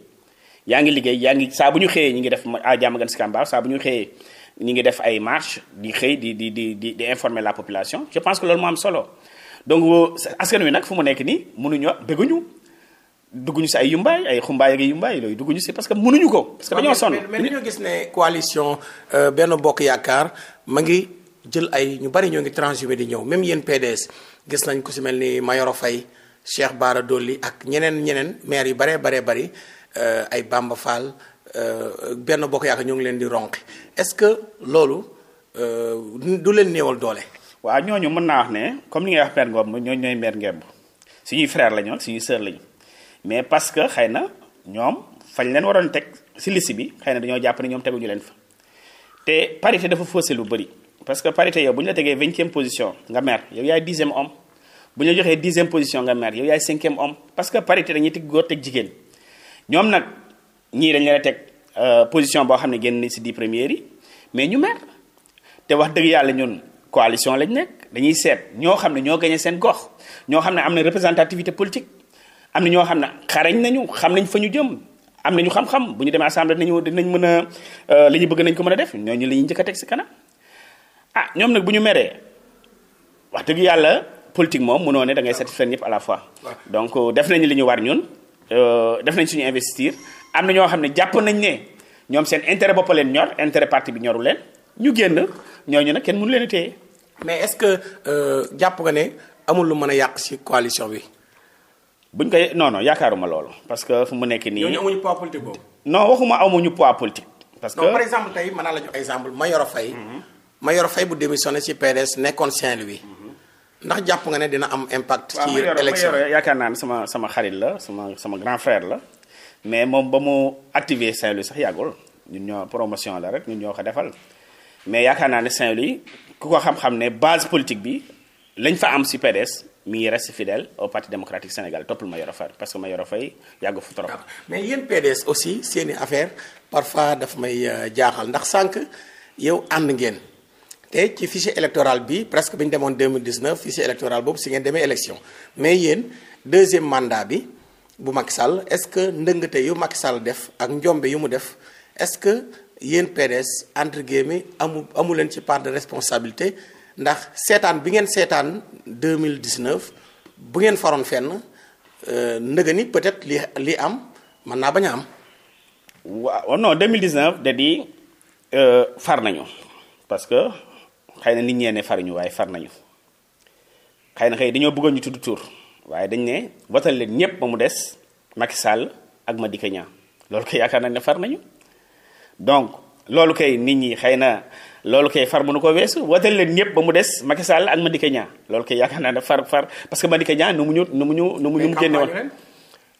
yaa ngi liggéey yaa ngi saa bu ñu xëyee ñu ngi def à Diamaguène ah, Sicap Mbao saa bu ngi def ay marche di xëy di di di di di informer la population je que loolu moo am solo donc askan wi nag fu mu nekk nii mënuñoo dëgguñu dugguñu si ay yumbaay ay xumbaay ak yumbaay looyu dugguñu si parce que mënuñu ko. parce que dañoo sonn mais dañoo gis ne coalition euh, benn bokk yaakaar ma ngi jël ay ñu bari ñoo ngi transhumé di ñëw même yéen gis nañ ku si mel ni Mayoro Faye Cheikh Bara Dolly ak ñeneen ñeneen maire yu baree baree bari euh, ay Bamba Fall euh, benn bokk yaakaar ñoo ngi leen di ronk est-ce que loolu du leen néewal doole. waaw ñooñu mën naa wax ne comme ni ngay wax mère ngomb ñooñu ñooy mère ngemb suñuy frère la ñoon suñuy sœur lañu mais parce que xëy na ñoom fañ leen waroon teg si liste bi xëy na dañoo jàpp ne ñoom ñu leen fa te parité dafa faussé lu bëri parce que parité yow bu ñu la tegee vingtième position nga mère yow yaay dixième homme bu ñu la joxee dixième position nga mère yow yaay cinquième om parce que parité dañuy teg góor teg jigéen ñoom nag ñii dañ leen a teg euh, boo xam ne génn si dix premières yi mais ñu mère te wax dëgg yàlla ñun coalition lañu nekk dañuy seet ñoo xam ne ñoo gañee seen gox ñoo xam ne am na représentativité politique am na ñoo xam ne xarañ nañu xam nañ fa ñu jëm am nañu xam bu ñu demee assemblée nañu dinañ mën a euh, li ñu bëgg nañ ko mën a def ñooñu la ñuy njëkk a si kanam ah ñoom nag bu ñu meree wax dëgg yàlla politique moom mënoo ne da ngay satisfaire ñëpp à la fois. donc euh, def nañ li ñu war ñun euh, def nañ suñu investir am na ñoo xam ne jàpp nañ ne ñoom seen intérêt bopp leen ñor intérêt parti bi ñoru leen ñu génn. ñooñu nag kenn mënu leen a mais est-ce que euh, jàpp nga ne amul lu mën a yàq ci coalition bi. buñ koy non non yaakaaruma loolu parce que fu mu nekk nii. ñooñu amuñu poids politique boobu. non waxuma amuñu poids politique. parce que non par exemple tey mën naa la jox exemple Mayoro Faye. Mhm. Mayoro Faye bu démissionné ci PDS nekkoon Saint-Louis. Mhm. ndax jàpp nga ne dina am impact. ci élection yaakaar naa ne sama sama xarit la sama sama grand frère la mais moom ba mu activé Saint-Louis sax yàggul ñun ñoo promotion la rek ñun ñoo defal. mais yaakaar naa ne Saint-Louis ku ko xam-xam ne base politique bi lañ fa am si PDS mi ngi reste fidèle au parti démocratique Sénégal topp ma Mayoro Faye parce que Mayoro Faye yàggu fa trop. mais yéen PDS aussi seeni affaire parfois daf may euh, jaaxal ndax sànq yow ànd ngeen te ci fichier électoral bi presque bi ñu demoon 2019 fichier électoral boobu si ngeen demee élection mais yéen deuxième mandat bi bu Macky Sall est-ce que ndëngate yu Macky Sall def ak njombe yu mu def est-ce que. yéen PDS entre guillemets amu amu leen ci part de responsabilité ndax seetaan bi ngeen seetaan 2019 bu ngeen faroon fenn euh, ndëgë ni peut-être li am mën naa bañ a am. waaw oh non 2019 da di far nañu parce que xëy na nit ñee ne faruñu waaye far nañu xëy na xëy dañoo bëggoon ñu tudd tur waaye dañ ne watal leen ñëpp ba mu des Macky Sall ak Madické Niang loolu ko yaakaar nañ ne far nañu. donc loolu koy nit ñi xëy na loolu kay far bu nu ko weesu wooteel leen ñëpp ba mu des Macky Sall ak Madické Niang loolu kay yaakaar naa ne far far parce que Madické Niang nu mu ñu nu ñu nu mu ñu génne woon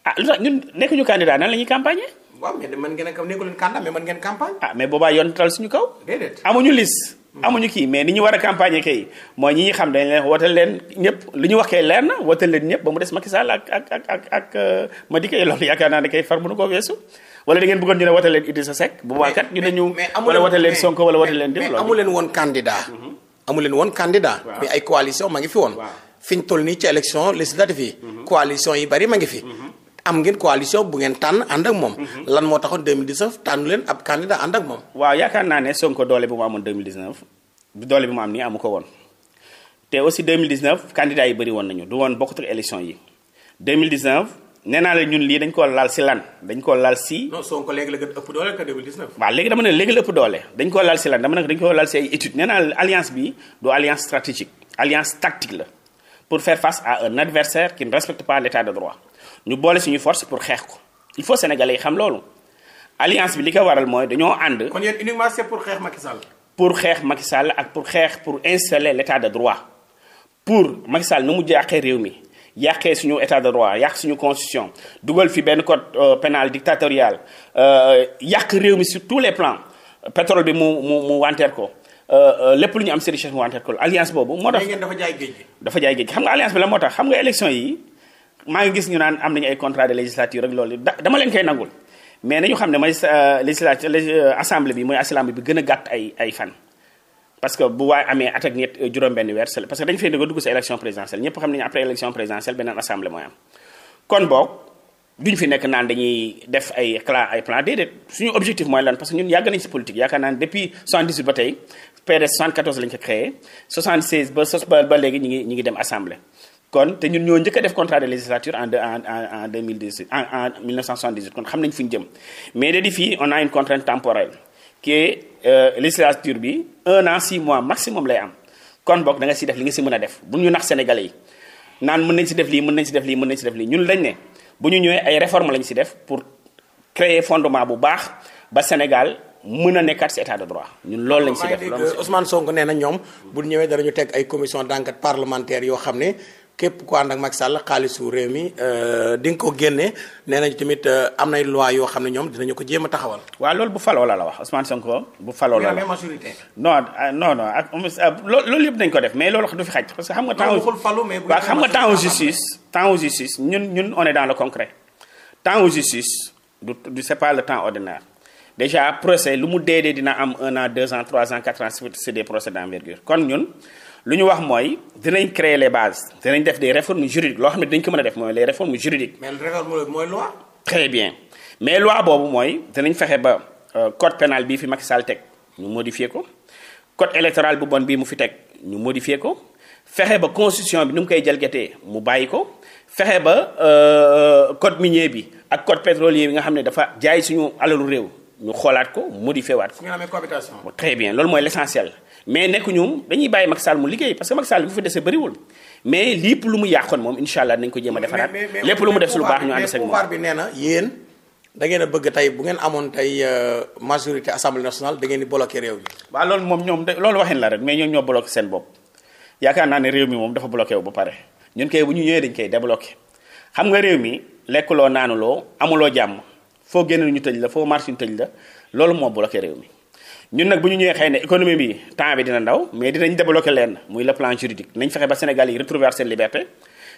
ah lu tax ñun nekkuñu candidat nan la ñuy campagne waaw mais man a ngeen campagne ah mais boobaa yoon tal suñu kaw déedéet amuñu liste amuñu kii mais ni ñu war a campagne kay mooy ñi ñi xam dañ leen wooteel leen ñëpp li ñu wax kay leer na wooteel leen ñëpp ba mu des Macky Sall ak ak ak euh, yaakaar naa ne kay far mënu ko weesu wala dangeen ngeen bëggoon ñu ne wote leen Idrissa Seck bu baax ñu ne ñu wala wote leen Sonko wala wote leen mais amu woon candidat amu leen woon candidat mhm. mais ay coalition ma ngi fi woon fi ñu toll nii ci élection législative yi mhm. coalition yi bari ma ngi fi mhm. am ngeen coalition bu ngeen tànn ànd ak moom. lan moo tax 2019 tànnu leen ab candidat ànd ak moom. waaw yaakaar naa ne Sonko doole bu mu amoon 2019 doole bi mu am nii amu ko woon te aussi 2019 candidats yi bëri woon nañu du woon bokkut nee naa la ñun lii dañ koo laal si lan dañ koo laal si. non Sonko léegi la gën ëpp doole que 2019. waaw léegi dama ne léegi la ëpp doole dañ koo laal si lan dama ne dañ koo laal si ay études nee alliance bi du alliance stratégique alliance tactique la pour faire face à un adversaire qui ne respecte pas l'état de droit ñu boole suñu force pour xeex ko il faut sénégalais yi xam loolu alliance bi li ko waral mooy dañoo ànd. kon yéen uniquement c'est pour xeex Macky pour xeex Macky Sall ak pour xeex pour installer l'état de droit pour ma Sall nu mu jaaxee réew mi. yàqee suñu état de droit yàq suñu constitution dugal fi benn code euh, pénal dictatorial euh, yàq réew mi sur tous les plans pétrole bi mu mu mu wanteer ko euh, lépp lu ñu am si richesse mu wanteer ko alliance boobu. moo tax dafa jaay géej dafa jaay géej gi xam nga moo tax nga élection yi maa ngi gis ñu naan am nañu ay contrat de législature rek loolu da dama leen koy nangul mais nañu xam ne mooy législature assemblée bi mooy assemblée bi gën a gàtt ay ay fan. parce que bu waay amee at ñett euh, juróom-benn weer parce que dañu fay dugg dugg si élection présidentielle ñëpp xam nañu après élection présidentielle beneen assemblée mooy am kon boog duñu fi nekk naan dañuy def ay cla ay plan déedéet suñu objectif mooy lan parce que ñun yàgg nañ si politique yaakaar naa depuis 78 ba tey PDS 74 lañ ko créé 76 ba léegi ñu ngi ñu ngi dem assemblée. kon te ñun ñoo njëkk a def contrat de législature en en en en 2018 en que euh, législature bi un an six mois maximum lay am kon boog danga nga si def li nga si mën a def bu ñu nax sénégalais yi naan mën nañ si def lii mën nañ si def lii mën nañ si def lii ñun lañ ne bu ñu ñëwee ay réforme lañ si def pour créer fondement bu baax ba Sénégal mën a nekkaat si état de droit ñun loolu lañ si def. loolu Ousmane Sonko nee na ñoom bu ñëwee dara ñu teg ay commission d'enquête parlementaire yoo xam ne. képp ku ànd ak Macky Sall xaalisu réew mi euh, di nga ko génne nee nañu tamit euh, am na loi yoo xam ne ñoom dinañu ko jéem a taxawal. waa loolu bu faloo la la wax Ousmane Sonko bu faloo la la majorité. non ah, non non ak ah, loolu yëpp dañ ko def mais loolu wax du fi xaj parce que xam nga temps waaw xam nga temps justice temps justice ñun ñun on est dans le concret temps justice du du c'est pas le temps ordinaire. déjà procès lu mu dee dee dina am un an deux ans trois ans quatre ans c'est des procès d'envergure kon ñun lu ñu wax mooy dinañ créer les bases danañ def des réformes juridiques loo xam ne dañ ko mën a def mooy les réformes juridiques. mais réforme mooy loi. très bien mais loi boobu mooy danañ fexe ba euh, code pénal bii fi Macky Sall teg ñu modifier ko code électoral bu bon bii mu fi teg ñu modifier ko fexe ba constitution bi nu mu koy jalgatee mu bàyyi ko fexe ba euh, euh, code minier bi ak code pétrolier bi nga xam ne dafa jaay suñu alalu réew ñu xoolaat ko modifier waat ko. su ñu amee cohabitation. très bien loolu mooy l'essentiel. mais nekk ñoom dañuy bàyyi Macky Sall mu liggéey parce que Macky Sall bi fi dese bëriwul mais lépp lu mu yàqoon moom incha allah nañ ko jéem a defaraat lépp lu mu def si lu baax ñu ànd si ak moom bi nee na yéen da ngeen a bëgg tey bu ngeen amoon tey euh, majorité assemblée nationale da ngeen di bloqué réew mi waaw loolu moom ñoom loolu waxin la rek mais ñoom ñoo bloqué seen bopp yaakaar naa ne réew mi moom dafa bloqué wu ba pare ñun kay bu ñu ñëwee dañ koy débloqué xam nga réew mi lekkuloo naanuloo amuloo jàmm foo génn ñu tëj la foo marché ñu tëj la loolu moo bloqué réew mi ñun nag bu ñu ñëwee xëy na économie bi temps bi dina ndaw mais dinañ débloquer leen muy le plan juridique nañ fexe ba Sénégal yi retrouver seen liberté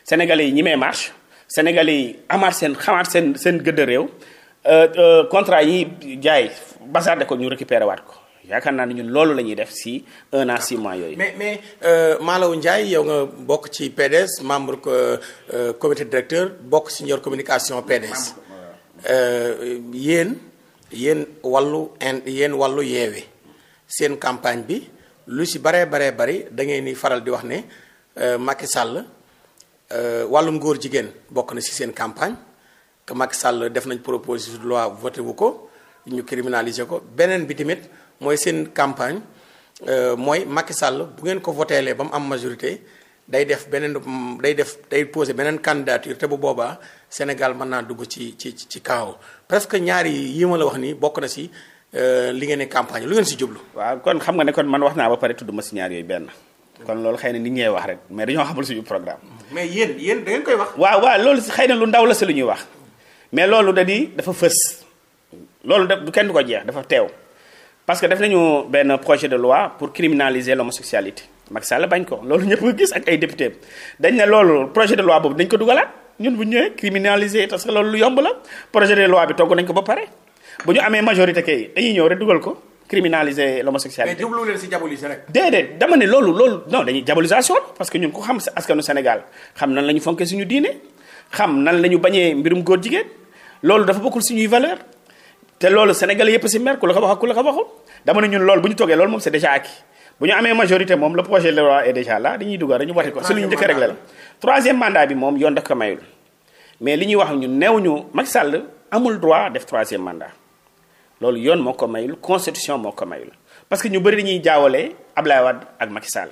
Sénégalais yi ñimee marche Sénégalais yi amaat seen xamaat seen seen gëdd réew euh, euh, contrat yi jaay bazarde ko ñu récupérer waat ko yaakaar naa ne ñun loolu la ñuy def si un an six mois yooyu. mais mais euh, Malaw Ndiaye yow nga bokk ci PDS membre comité directeur bokk si ñor communication PDS yéen. yéen wàllu in yéen wàllu yeewi seen campagne bi lu si baree baree bari da ngeen di faral di wax ne euh, Macky Sall euh, wàllum góor jigéen bokk na si seen campagne que Macky Sall def nañ proposition de loi voté wu ko ñu criminaliser ko beneen bi mooy seen campagne euh, mooy Macky Sall bu ngeen ko voteelee ba mu am majorité day def beneen day def day posé beneen candidature te bu boobaa Sénégal mën naa dugg ci ci ci kaaw presque ñaari yii ma la wax nii bokk na si euh, li ngeen campagne lu ngeen si jublu. waaw kon xam nga ne kon man wax naa ba pare tudd si ñaar yooyu benn. kon loolu xëy na nit ñee wax rek mais dañoo xamul suñu programme. mais yéen yéen da ngeen koy wax. waaw waaw loolu si xëy na lu ndaw la si lu ñuy wax mais loolu da di dafa fës loolu da du kenn du ko jeex dafa teew parce que def nañu benn projet de loi pour criminaliser l'homosexualité Macky Sall bañ ko loolu ñëpp nga gis ak ay député dañ ne loolu projet de loi boobu dañ ko dugalaat ñun bu ñëwee criminaliser parce que loolu yomb la projet de loi bi togg nañ ko ba pare bu ñu amee majorité kay dañuy ñëw rek dugal ko criminaliser l'homosexualité. mais jublu si diaboliser rek. déedéet dama ne loolu loolu non dañuy diabolisation parce que ñun ku xam askanu Sénégal xam nan la ñu fonkee suñu diine xam nan la ñu bañee mbirum góor jigéen loolu dafa bokkul suñuy valeur te loolu Sénégalais yëpp si mer ku la ko wax ñun loolu bu ñu toogee loolu moom c'est bu ñu amee majorité moom le projet de loi est déjà là dañuy dugal dañu wate su lu ñu njëkk réglé la troisième mandat bi moom yoon daf ko mayul mais li ñuy wax ñu neew ñu Macky Sall amul droit def troisième mandat loolu yoon moo ko mayul constitution moo ko mayul parce que ñu bëri dañuy jaawale Ablaye Wade ak Macky Sall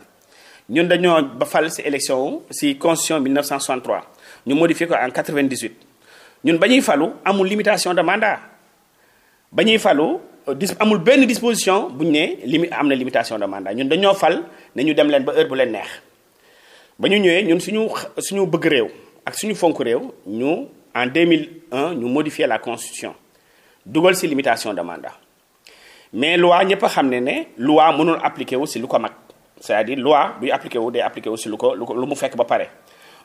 ñun dañoo ba fal si élection si constitution 1963 ñu modifié ko en 98 ñun ba ñuy falu amul limitation de mandat ba ñuy falu Euh, dis amul benn disposition bu ñu ne limi am na limitation de ñun dañoo fal ne ñu dem leen ba heure bu leen neex ba ñu ñëwee ñun suñu suñu bëgg réew ak suñu fonk réew ñu en mille 2001 ñu modifier la constitution dugal ci limitation de mais loi ñëpp a xam ne ne loi mënul appliqué wu ci lu ko mag c'est-à-dire loi buy appliqué wu day appliqué wu ko lu ko lu mu fekk ba pare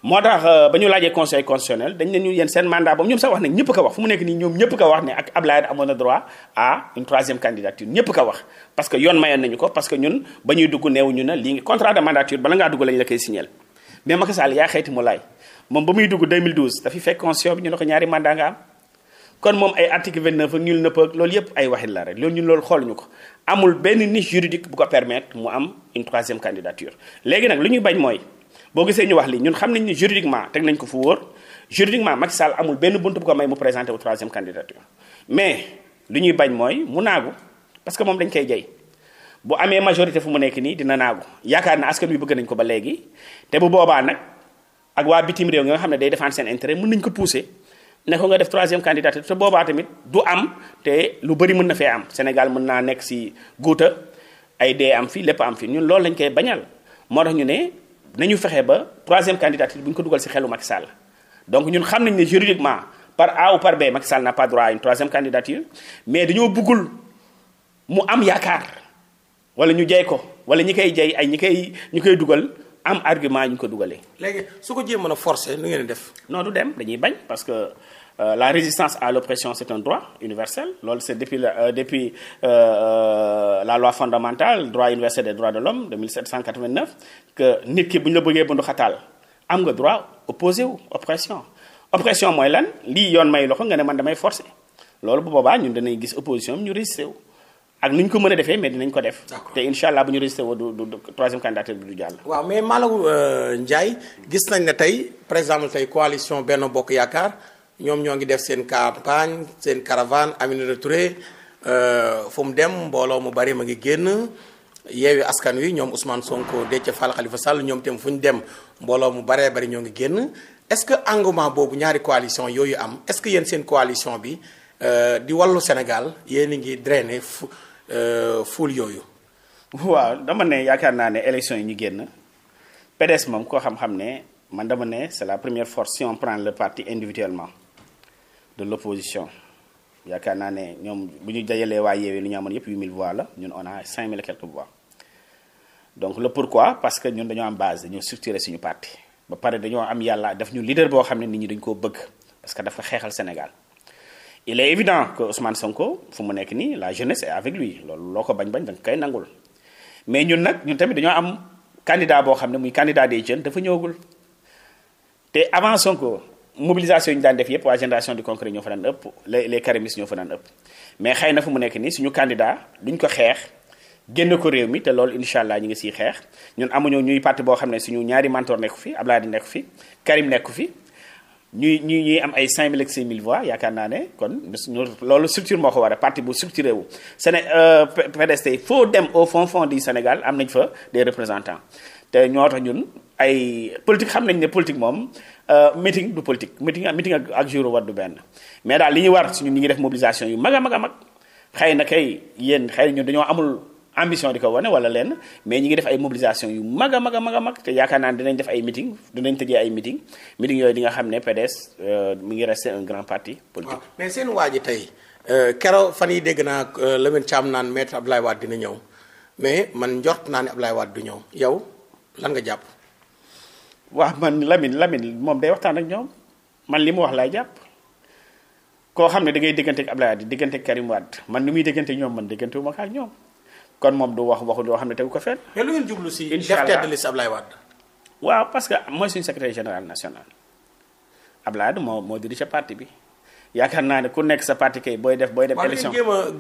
moo tax euh, ba ñu laajee conseil constitutionnel dañ ne ñu yéen seen mandat boobu ñoom sax wax nañ ñëpp ko wax fu mu nekk nii ñoom ñëpp ko wax ne ak Abdoulaye amoon na droit à une troisième candidature ñëpp ko wax parce que yoon mayoon nañu ko parce que ñun ba ñuy dugg neewu ñu na lii ngi contrat de mandature bala ngaa dugg lañ la koy signal mais Macky Sall yaa xeeti mu laay moom ba muy dugg 2012 dafi fekk constitution bi ñu ne ko ñaari mandat nga am moom ay article 29 ak loolu yëpp ay waxit la rek loolu ñun loolu xooluñu ko amul benn niche juridique bu ko permettre mu am une troisième candidature léegi nag lu ñuy bañ mooy boo gisee ñu wax lii ñun xam nañ ni juridiquement teg nañ ko fu wóor juridiquement Macky amul benn buntu bu ko may mu présenté wu troisième mais lu ñuy bañ mooy mu naagu parce que moom dañ koy jey bu amee majorité fu mu nekk nii dina naagu yaakaar na askan wi bëgg nañ ko ba léegi te bu boobaa nag ak waa bitim réew nga xam ne day defaan seen intérêt mun nañ ko pousser ne ko nga def troisième candidature te boobaa tamit du am te lu bari mën na fee am Sénégal mën naa nekk si guuta ay dee am fi lépp am fi ñun loolu lañ koy bañal moo tax ñu ne nañu fexe ba troisième candidature bu ñu ko dugal si xelu Macky donc ñun xam nañ ni juridiquement par A par B Macky Sall n'a pas droit à une candidature mais dañoo buggul mu am yaakaar wala ñu jey ko wala ñi koy jey ay ñi koy ñu koy dugal am argument ñu ko dugalee. léegi su ko jee mën a forcer nu ngeen def. non du dem dañuy bañ parce que. Euh, la résistance à l'oppression c'est un droit universel loolu c'est depuis la euh, depuis euh, la loi fondamentale droit universel des droits de l'homme de 1789 que nit ki bu ñu la bëggee bundu xataal am nga droit opposé wu oppression oppression mooy lan lii yoon may loxo nga ne man damay forcer loolu bu boobaa ñun danañ gis opposition ñu résister wu ak nu ñu ko mën a defee mais dinañ ko def. te incha allah bu ñu résister woo du du troisième candidature bi du jàll. waaw mais gis nañ ne tey par exemple tey coalition Benno Bokk Yaakaar. ñoom ñoo ngi def seen campagne seen caravane Aminata Touré euh, fu mu dem mbooloo mu bari ma ngi génn yeewi askan wi ñoom Ousmane Sonko Déthié Fall Khalifa Sall ñoom itam fu ñu dem mbooloo mu baree bari ñoo ngi génn est-ce que engouement boobu ñaari coalition yooyu am est-ce que yéen seen coalition bi euh, di wàllu Sénégal yéen a ngi drainer fu euh, ful yooyu. waaw dama ne yaakaar naa ne élection yi ñu génn PDS moom koo xam-xam ne man dama ne c'est la première force si on le parti individuellement. de l'opposition yaakaar naa ne ñoom bu ñu dajalee waa yeewee lu ñu am amoon yëpp 8000 voix la ñun on a 5000 et quelques voix donc le pourquoi parce que ñun dañoo am base dañoo structuré suñu parti ba pare dañoo am yàlla daf ñu leader boo xam ne nit ñi dañu koo bëgg parce que dafa xeexal Sénégal il est évident que Ousmane Sonko fu mu nekk nii la jeunesse est avec lui loolu loo ko bañ-bañ da kay koy nangul mais ñun nag ñun tamit dañoo am candidat boo xam ne muy des jeunes dafa ñëwagul te avant Sonko mobilisation yi ñu daan def yëpp waa génération du concret ñoo fa daan ëpp les les karimistes ñoo fa daan ëpp mais xëy na fu mu nekk nii suñu candidat duñ ko xeex génn ko réew mi te loolu incha allah ñu ngi siy xeex ñun amuñoo ñuy parti boo xam ne suñu ñaari mentor nekku fi ab Abdoulaye di nekku fi Karim nekku fi ñuy ñuy ñuy am ay mille ak 6000 voix yaakaar naa ne kon loolu structure moo ko war a parti bu structuré wu Séné euh, PDS foo dem au fond fond du Sénégal am nañ fa des représentants te ñoo tax ñun ay politique xam nañ ne politique moom euh, meeting du politique meeting meeting ak ak juro war du benn mais daal li ñu war suñu ñi ngi def mobilisation yu mag a mag xëy na kay yéen xëy na ñun dañoo amul ambition di ko wane wala lenn mais ñi ngi def ay mobilisation yu mag a mag a mag a mag te yaakaar naa ne dinañ def ay meeting dinañ tëjee ay meeting meeting yooyu di nga xam ne PDS euh, mi ngi resté un grand parti politique. mais seen waa ji tey euh, keroog fan yi dégg naa Lamine Thiam naan maître Abdoulaye Wade dina ñëw mais man njort naa ne Abdoulaye Wade du ñëw yow. lan nga jàpp. waaw man Lamine Lamine moom day waxtaan ak ñoom man li mu wax laay jàpp koo xam ne da ngay diggante ak Ablaye Wade diggante ak Karim Wade man ni muy diggante ñoom man diggante wu ma ak ñoom kon moom du wax waxu loo xam ne tegu ko fenn. mais lu ngeen jublu si. incha allah def tête waaw parce que mooy suñu général national Ablaye Wade moo moo dirige parti bi. yaakaar naa ne ku nekk sa parti kay booy def booy def. élection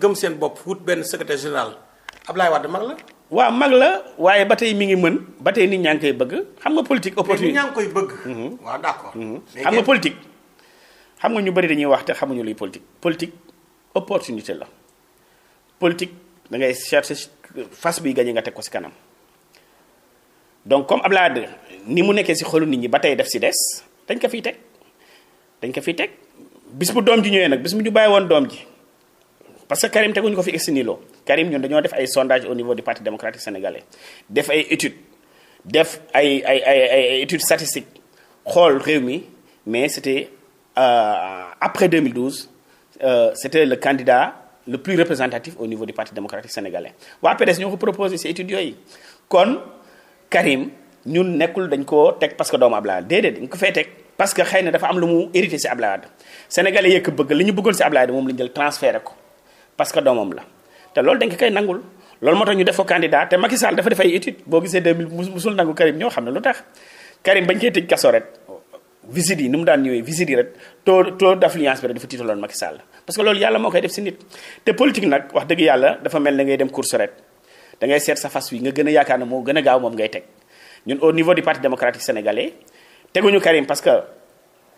gëm seen bopp wut benn secrétaire général Ablaye Wade mag la. waaw mag la waaye ba tey mi ngi mën ba tey nit ñaa ngi koy bëgg xam nga politique opportunité nit ñaa ngi koy bëgg. Mhm. waaw d'accord. Mhm. xam nga politique xam nga ñu bari dañuy wax te xamuñu luy politique politique opportunité la politique da ngay chercher fas bi gañe nga teg ko ci kanam donc comme Abdoulaye Wade ni mu nekkee ci xolu nit ñi ba tey def ci des dañ ko fiy teg dañ ko fi teg bis bu doom ji ñëwee nag bis bu ñu bàyyi woon doom ji parce que Karim teguñu ko fi extiniloo Karim ñun dañoo def ay sondage au niveau du parti démocratique sénégalais def ay études def ay ay ay ay xool réew mi mais c'était euh, après 2012 euh, c'était le candidat le plus représentatif au niveau du parti démocratique sénégalais waa PDS ñoo ko proposé ces études yooyu kon Karim ñun nekkul dañ koo teg parce que doomu Ablaye déedéet dañ ko fee teg parce que xëy na dafa am lu mu hérité ci Ablaye Wade sénégalais yëkk bëgg li ñu bëggoon ci Ablaye Wade moom la jël transféré ko parce que doomam la. te loolu dañ ko koy nangul loolu moo tax ñu def ko candidat te Macky Sall dafa def ay étude boo gisee 2000 musul nangu Karim ñoo xam ne lu tax Karim bañ koy tëj kaso rek visite yi ni mu daan ñëwee visite yi rek taux taux d'affluence bi rek dafa tiitaloon Macky la parce que loolu yàlla moo koy def si nit te politique nag wax dëgg yàlla dafa mel ne ngay dem course ret da ngay seet sa fas wi nga gën a yaakaar ne moo gën a gaaw moom ngay teg ñun au niveau du parti démocratique sénégalais teguñu que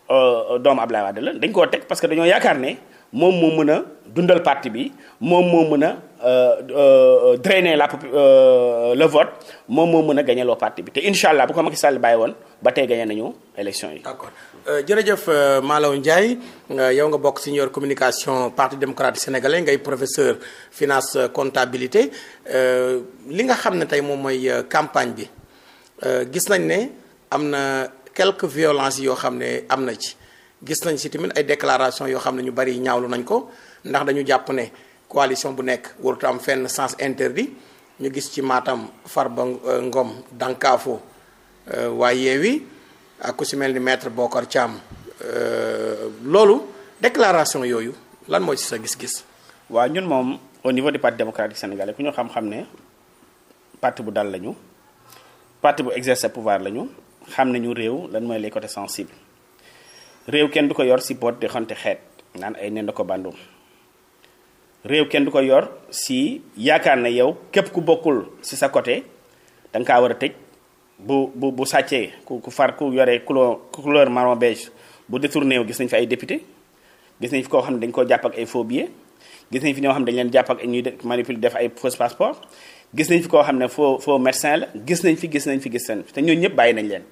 euh, doomu Ablaye Wade la dañ koo teg parce que dañoo yaakaar ne moom moo mën a dundal parti bi moom moo mën a euh, euh, drainer la euh, le vote moom moo mën a gañeloo parti bi te incha allah bu ko Macky Sall bàyyi woon ba tey gañe nañu élection yi. d'accord jërëjëf Malaw Ndiaye yow nga bokk senior communication parti démocratique sénégalais ngay professeur finance comptabilité li nga xam ne tey moom mooy campagne bi gis nañ ne am na quelques violences yoo xam ne am na ci. gis nañ si tamit ay déclaration yoo xam ne ñu bari ñaawlu nañ ko ndax dañu jàpp ne coalition bu nekk warut am fenn sens interdit ñu gis ci maatam far ba euh, Ngom Dankafo euh, waaye Yewwi ak ku si mel ni maître Bokar Thiam euh, loolu déclaration yooyu lan mooy si sa gis-gis. waa ñun moom au niveau du parti démocratique sénégalais ku ñu xam-xam ne parti bu dal lañu parti bu exercer pouvoir lañu xam ñu réew lan mooy les côtés sensibles. réew kenn du ko yor si boot di xonte xeet naan ay nen ko kenn du ko yor si yaakaar na yow képp ku bokkul si sa côté da nga kaa war a tëj bu bu bu sàccee ku ku far ku yore couleur couleur marron beige bu détourné wu gis nañ fi ay député gis nañ fi koo xam ne dañ koo jàpp ak ay faux gis nañ fi ñoo xam ne dañ leen jàpp ak ñuy manipule def ay faux passeport gis nañ fi koo xam ne faux faux médecin la gis nañ fi gis nañ fi gis nañ fi te ñooñu ñëpp bàyyi nañ leen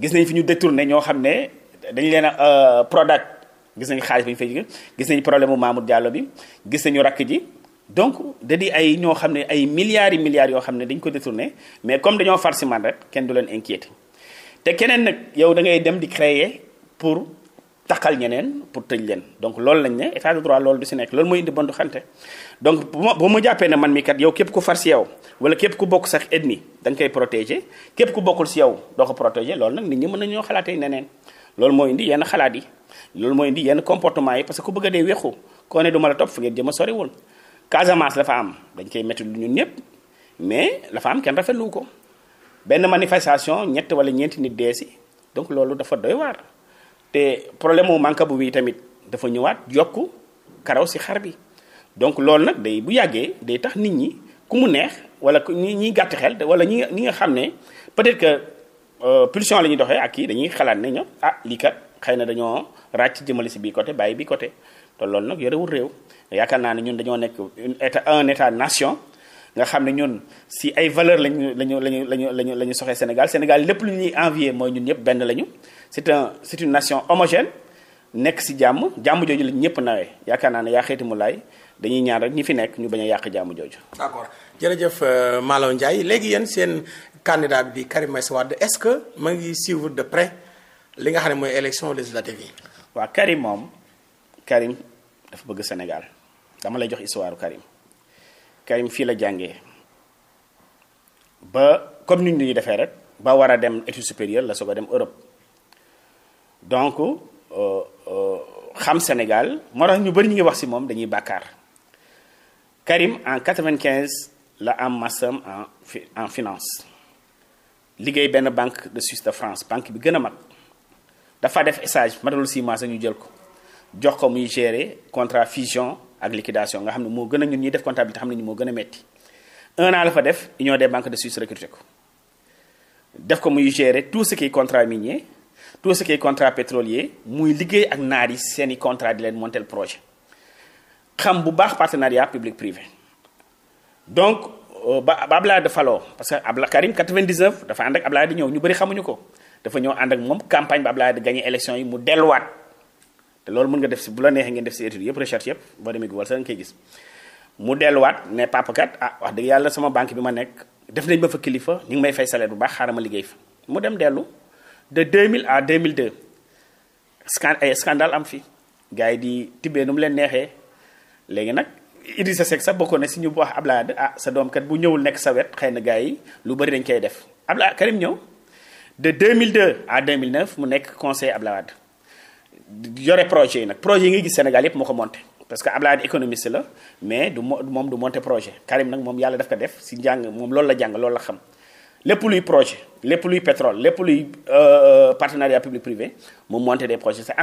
gis nañ fi ñu détourné ñoo xam ne dañ leen a euh, Prodac gis nañu xaalis bi ñu fay gis nañu problème mu Mamour Diallo bi gis nañu rakk ji donc da di ay ñoo xam ne ay milliards yi milliards yoo xam ne dañ ko détourné mais comme dañoo farciman rek kenn du leen inquiété te keneen nag yow da ngay dem di créer pour taxal ñeneen pour tëj leen donc loolu lañ ne état de droit loolu du si nekk loolu mooy indi bondu xante donc bu ma bu ma jàppee ne man mi kat yow képp ku far si yow wala képp ku bokk sax ethnie da nga koy protégé képp ku bokkul si yow doo ko protégé loolu nag nit ñi mën nañoo xalaatee neneen loolu mooy indi yenn xalaat yi loolu mooy indi yenn comportement yi parce que ku bëgg a dee wexu koo ne du ma la topp fu ngeen jëm a soriwul Casamance dafa am dañ koy métti lu ñun ñëpp mais dafa am kenn rafetlu ko benn manifestation ñett wala ñeenti nit dee si donc loolu dafa doy waar te problème moom manque bu bi tamit dafa ñëwaat yokk karaw si xar bi donc loolu nag day bu yàggee day tax nit ñi ku mu neex wala ñi ñiy gàtt xel wala ñi ñi nga xam ne peut-être que Euh, pulsion la ñuy doxee ak kii dañuy xalaat ne ñoom ah lii kat xëy na dañoo ràcc jëmale si bii côté bàyyi bi côté te loolu nag yorewul réew yaakaar naa ne ñun dañoo nekk état un état nation nga xam ne ñun si ay valeur lañu lañu lañu lañu lañu la ñu soxee Sénégal Sénégal lépp lu ñuy envier mooy ñun ñëpp benn lañu c'est un c'est une nation homogène nekk si jàmm jàmm jooju lañ ñëpp nawee yaakaar naa ne yaa xeeti mu laay dañuy ñaan rek ñi fi nekk ñu bañ yàq jàmm jooju. d'accord jërëjëf euh, candidat bi di Karim Meïssa est-ce que ma ngi suivre de près li nga xam ne mooy élection législative yi. waaw Karim moom Karim dafa bëgg Sénégal dama lay jox histoire Karim Karim fii la jànge ba comme ni ñu defee rek ba war a dem étude supérieure la soo a dem Europe donc euh, euh, xam Sénégal moo tax ñu bëri ñu ngi wax ci moom dañuy bàkkaar Karim en 95 la am massam en en finance. liggéey benn banque de Suisse de France banque bi gën a mag dafa def stage matalul six mois ñu jël ko jox ko muy gérer contrat fusion ak liquidation nga xam ne moo gën a ñun ñuy def comptabilité xam ne ñu moo gën a metti un an la fa def union des banque de Suisse recruté ko def ko muy gérer tout ce qui est contrat minier tout ce qui est contrat pétrolier muy liggéey ak naar yi seen i contrat di leen monter projet xam bu baax partenariat public privé donc Euh, ba ba Ablaye de faloo parce que Ablaye Karim 99 dafa ànd ak Ablaye di ñëw ñu bëri xamuñu ko dafa ñëw ànd ak moom campagne ba Ablaye di gagné élection yi mu delluwaat te loolu mën nga def si bu la neexee ngeen def si études yëpp recherche yëpp boo demee Google sax nga koy gis mu delluwaat ne papa kat ah wax dëgg yàlla sama banque bi ma nekk def nañ ba fa kilifa ñu ngi may fay salaire bu baax xaaral ma liggéey fa mu dem dellu de 2000 à 2002 scan ay scandale am fi gars yi di tibbee nu mu leen neexee léegi nag. Idrissa Seck sa bokkoon na si ñu wax Ablaye ah sa doom kat bu ñëwul nekk sa wet xëy na gars yi lu bëri dañ koy def Ablaye Karim ñëw de 2002 à 2009 mu nekk conseiller la Wade yore projet yi nag projet yi nga gis Sénégal yëpp moo ko monté parce que Ablaye économiste la mais du moom du monté projet Karim nag moom yàlla daf ko def si njàng moom loolu la jàng loolu la xam lépp luy projet lépp luy pétrole lépp luy euh, euh, partenariat public privé mu monté des projets c'est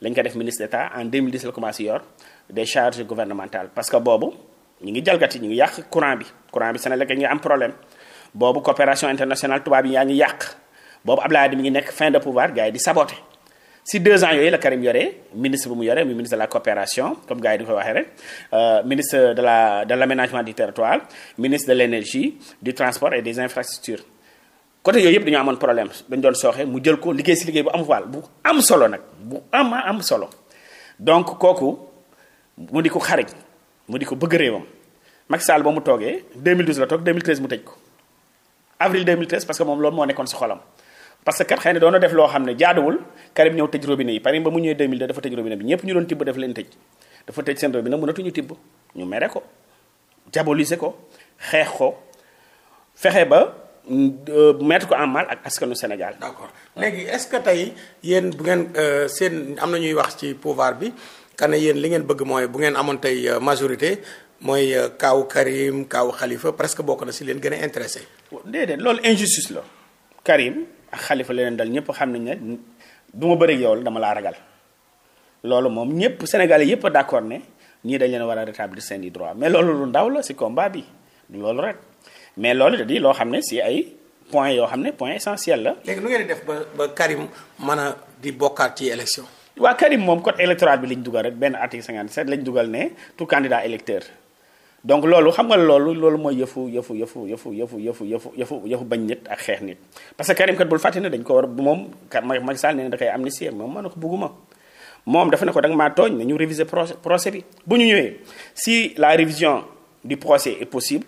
lañ ko def ministre d'État en 2010 la commencé yor des charges gouvernementales parce que boobu ñu ngi jalgati ñu ngi yàq courant bi courant bi Senelec ngi am problème boobu coopération internationale tubaab yi yaa ngi yàq boobu Abdoulaye Wade mi ngi nekk fin de pouvoir gars yi di saboté si deux ans yooyu la Karim yore ministre bu mu yore muy ministre de la coopération comme gars yi di ko waxee rek euh, ministre de la de l' aménagement du territoire ministre de l' énergie du transport et des infrastructures côté yooyu yëpp dañoo amoon problème dañ doon sooxe mu jël ko liggéey si liggéey bu am waal bu am solo nag bu am am solo donc kooku mu di ko xarit mu di ko bëgg réewam Macky Sall ba mu toogee 2012 la toog 2013 mu tëj ko avril 2013 parce que moom loolu moo nekkoon si xolam. parce que kat xëy na doon na def loo xam ne jaaduwul Karim ñëw tëj robinet yi Karim ba mu ñëwee 2002 dafa tëj robinet bi ñëpp ñu doon tibb daf leen tëj dafa tëj seen robinet mënatuñu tibb ñu mere ko diaboliser ko xeex ko ba. Euh, mettre ko en mal ak askanu Sénégal. d'accord léegi est-ce que tey yéen bu ngeen euh, seen am na ñuy wax ci pouvoir bi kan yéen li ngeen bëgg mooy bu ngeen amoon tey euh, majorité mooy kaawu Karim kaawu Khalifa presque bokk na si leen gën a intéressé. déedéet loolu injustice la Karim ak xalifa leen dal ñëpp xam nañ ne du ma bëri yow dama laa ragal loolu moom ñëpp Sénégalais yëpp d'accord ne ñii dañ leen war a rétablir seen i droit mais loolu lu ndaw la si combat bi. loolu rek mais loolu da di loo xam ne si ay point yoo xam ne point essentiel la. léegi nu ngeen di def ba ba Karim mën a di bokkaat ci élection. waa Karim moom code électoral bi lañ dugal rek benn article 57 lañ dugal ne tout candidat électeur donc loolu xam nga loolu loolu mooy yëfu yëfu yëfu yëfu yëfu yëfu yëfu yëfu yëfu bañ nit ak xeex nit parce que Karim kat bul fàtte ne dañ ko war moom Macky Sall nee na da koy amnistie moom mën na ko bugguma moom dafa ne ko da nga maa tooñ ñu réviser procès procès bi bu ñu ñëwee si la révision du procès possible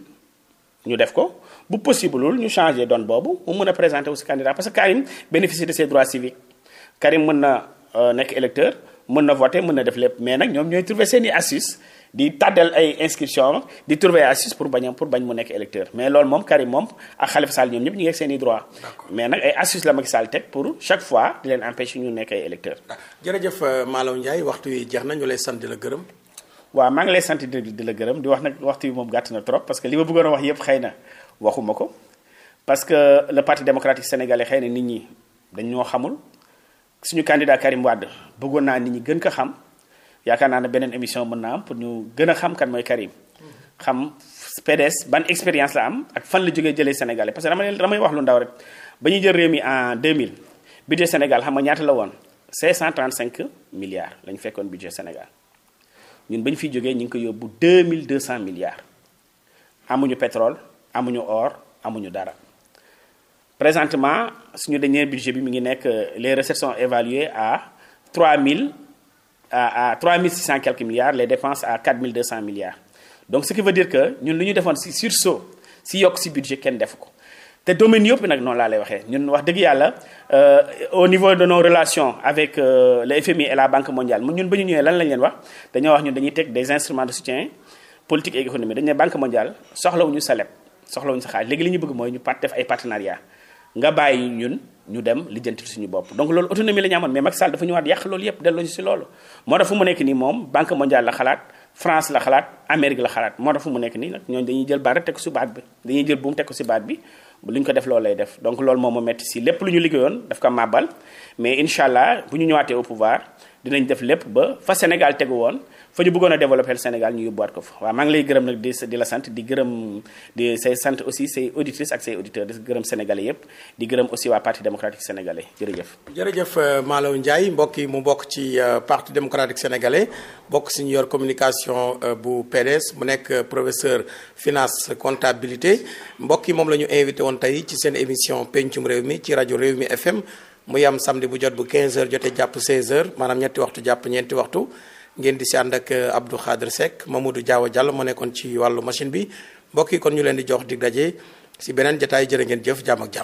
ñu def ko bu possibleul ñu changer donne boobu mu mën a présenté aussi candidat parce que Karim bénéficie de ses droits civiques Karim mën na euh, nekk électeur mën na voter mën na def lépp mais nag ñoom ñooy trouver seen assis di tàddal ay inscription di trouver astuce pour bañ pour bañ mu nekk électeur mais loolu moom Karim moom ak Khalifa Sall ñoom ñëpp ñu ngi seen i mais nag ay astuce la Macky Sall teg pour chaque fois di leen empêcher ñu nekk ay électeur ah, jërëjëf euh, Malaw waxtu yi jeex na ñu lay sant di la gërëm waaw maa ngi lay sant di la gërëm di wax nag waxtu bi moom gàtt na trop parce que li ma bëggoon a wax yépp xëy waxuma ko parce que le parti démocratique sénégalais xëy na nit ñi dañ ñoo xamul suñu candidat Karim Wade bëggoon naa nit ñi gën ko xam yaakaar naa ne beneen émission mën naa am pour ñu gën a xam kan mooy Karim xam PDS ban expérience la am ak fan la jógee jëlee sénégalais parce que dama damay wax lu ndaw rek ba ñu jël réew mi en 2000 budget Sénégal xam nga ñaata la woon 535 milliards lañu fekkoon budget Sénégal. ñun ba ñu fiy jógee ñu ngi ko yóbbu 2200 milliards amuñu pétrole amuñu or amuñu dara présentement suñu dernier budget bi mu ngi nekk les recettes sont évaluées à 3000 à à 3600 quelques milliards les dépenses à 4200 milliards donc ce qui veut dire que ñun lu ñu defoon si sursaut si yokk si budget kenn def ko. te domaine yëpp nag noonu laa lay waxee ñun wax dëgg yàlla euh, au niveau de nos relations avec euh, le FMI et la Banque mondiale ñun ba ñu ñëwee lan lañ leen wax dañoo wax ñun dañuy teg des instruments de soutien politique et économique dañu ne Banque mondiale soxlawuñu sa leb soxlawuñu sa xaalis léegi li ñu bëgg mooy ñu part def ay partenariat nga bàyyi ñun ñu dem li lijjanti suñu bopp donc loolu autonomie la ñu amoon mais Macky Sall dafa ñëwaat yàq loolu yëpp delloo si loolu moo mu nekk nii moom Banque mondiale la xalaat France la xalaat Amérique la xalaat moo tax mu nekk nii nag ñooñu dañuy jël baat rek teg si baat bi dañuy jël buum teg ko si baat bi lu ñu ko def loolu lay def donc loolu moom metti si lépp lu ñu liggéeyoon daf ka màbbal mais incha allah bu ñu ñëwaatee au pouvoir dinañ def lépp ba fa Sénégal tegu woon fa ñu bëggoon a Sénégal ñu yóbbuwaat ko fa waaw maa ngi lay gërëm nag di di la sant di gërëm di say sant aussi say auditrices ak say auditeurs di gërëm sénégalais yépp di gërëm aussi waa parti démocratique sénégalais jërëjëf jërëjëf euh, Malaw Ndiaye mbokk yi mu mbokk ci euh, parti démocratique sénégalais bokk si ñu yor communication euh, bu PDS mu nekk professeur finance comptabilité mbokk yi moom la ñu invité woon tey ci seen émission pencum réew mi ci rajo réew mi FM mu yam samedi bu jot bu 15h jotee jàpp 16h maanaam ñetti waxtu jàpp ñeenti waxtu ngeen di si ànd ak euh, Abdou Khadre Seck Mamadou Diaw Diallo ma nekkoon ci wàllu machine bi mbokk yi kon ñu leen di jox dig daje si beneen jataay jërë ngeen jëf jàmm ak jàmm.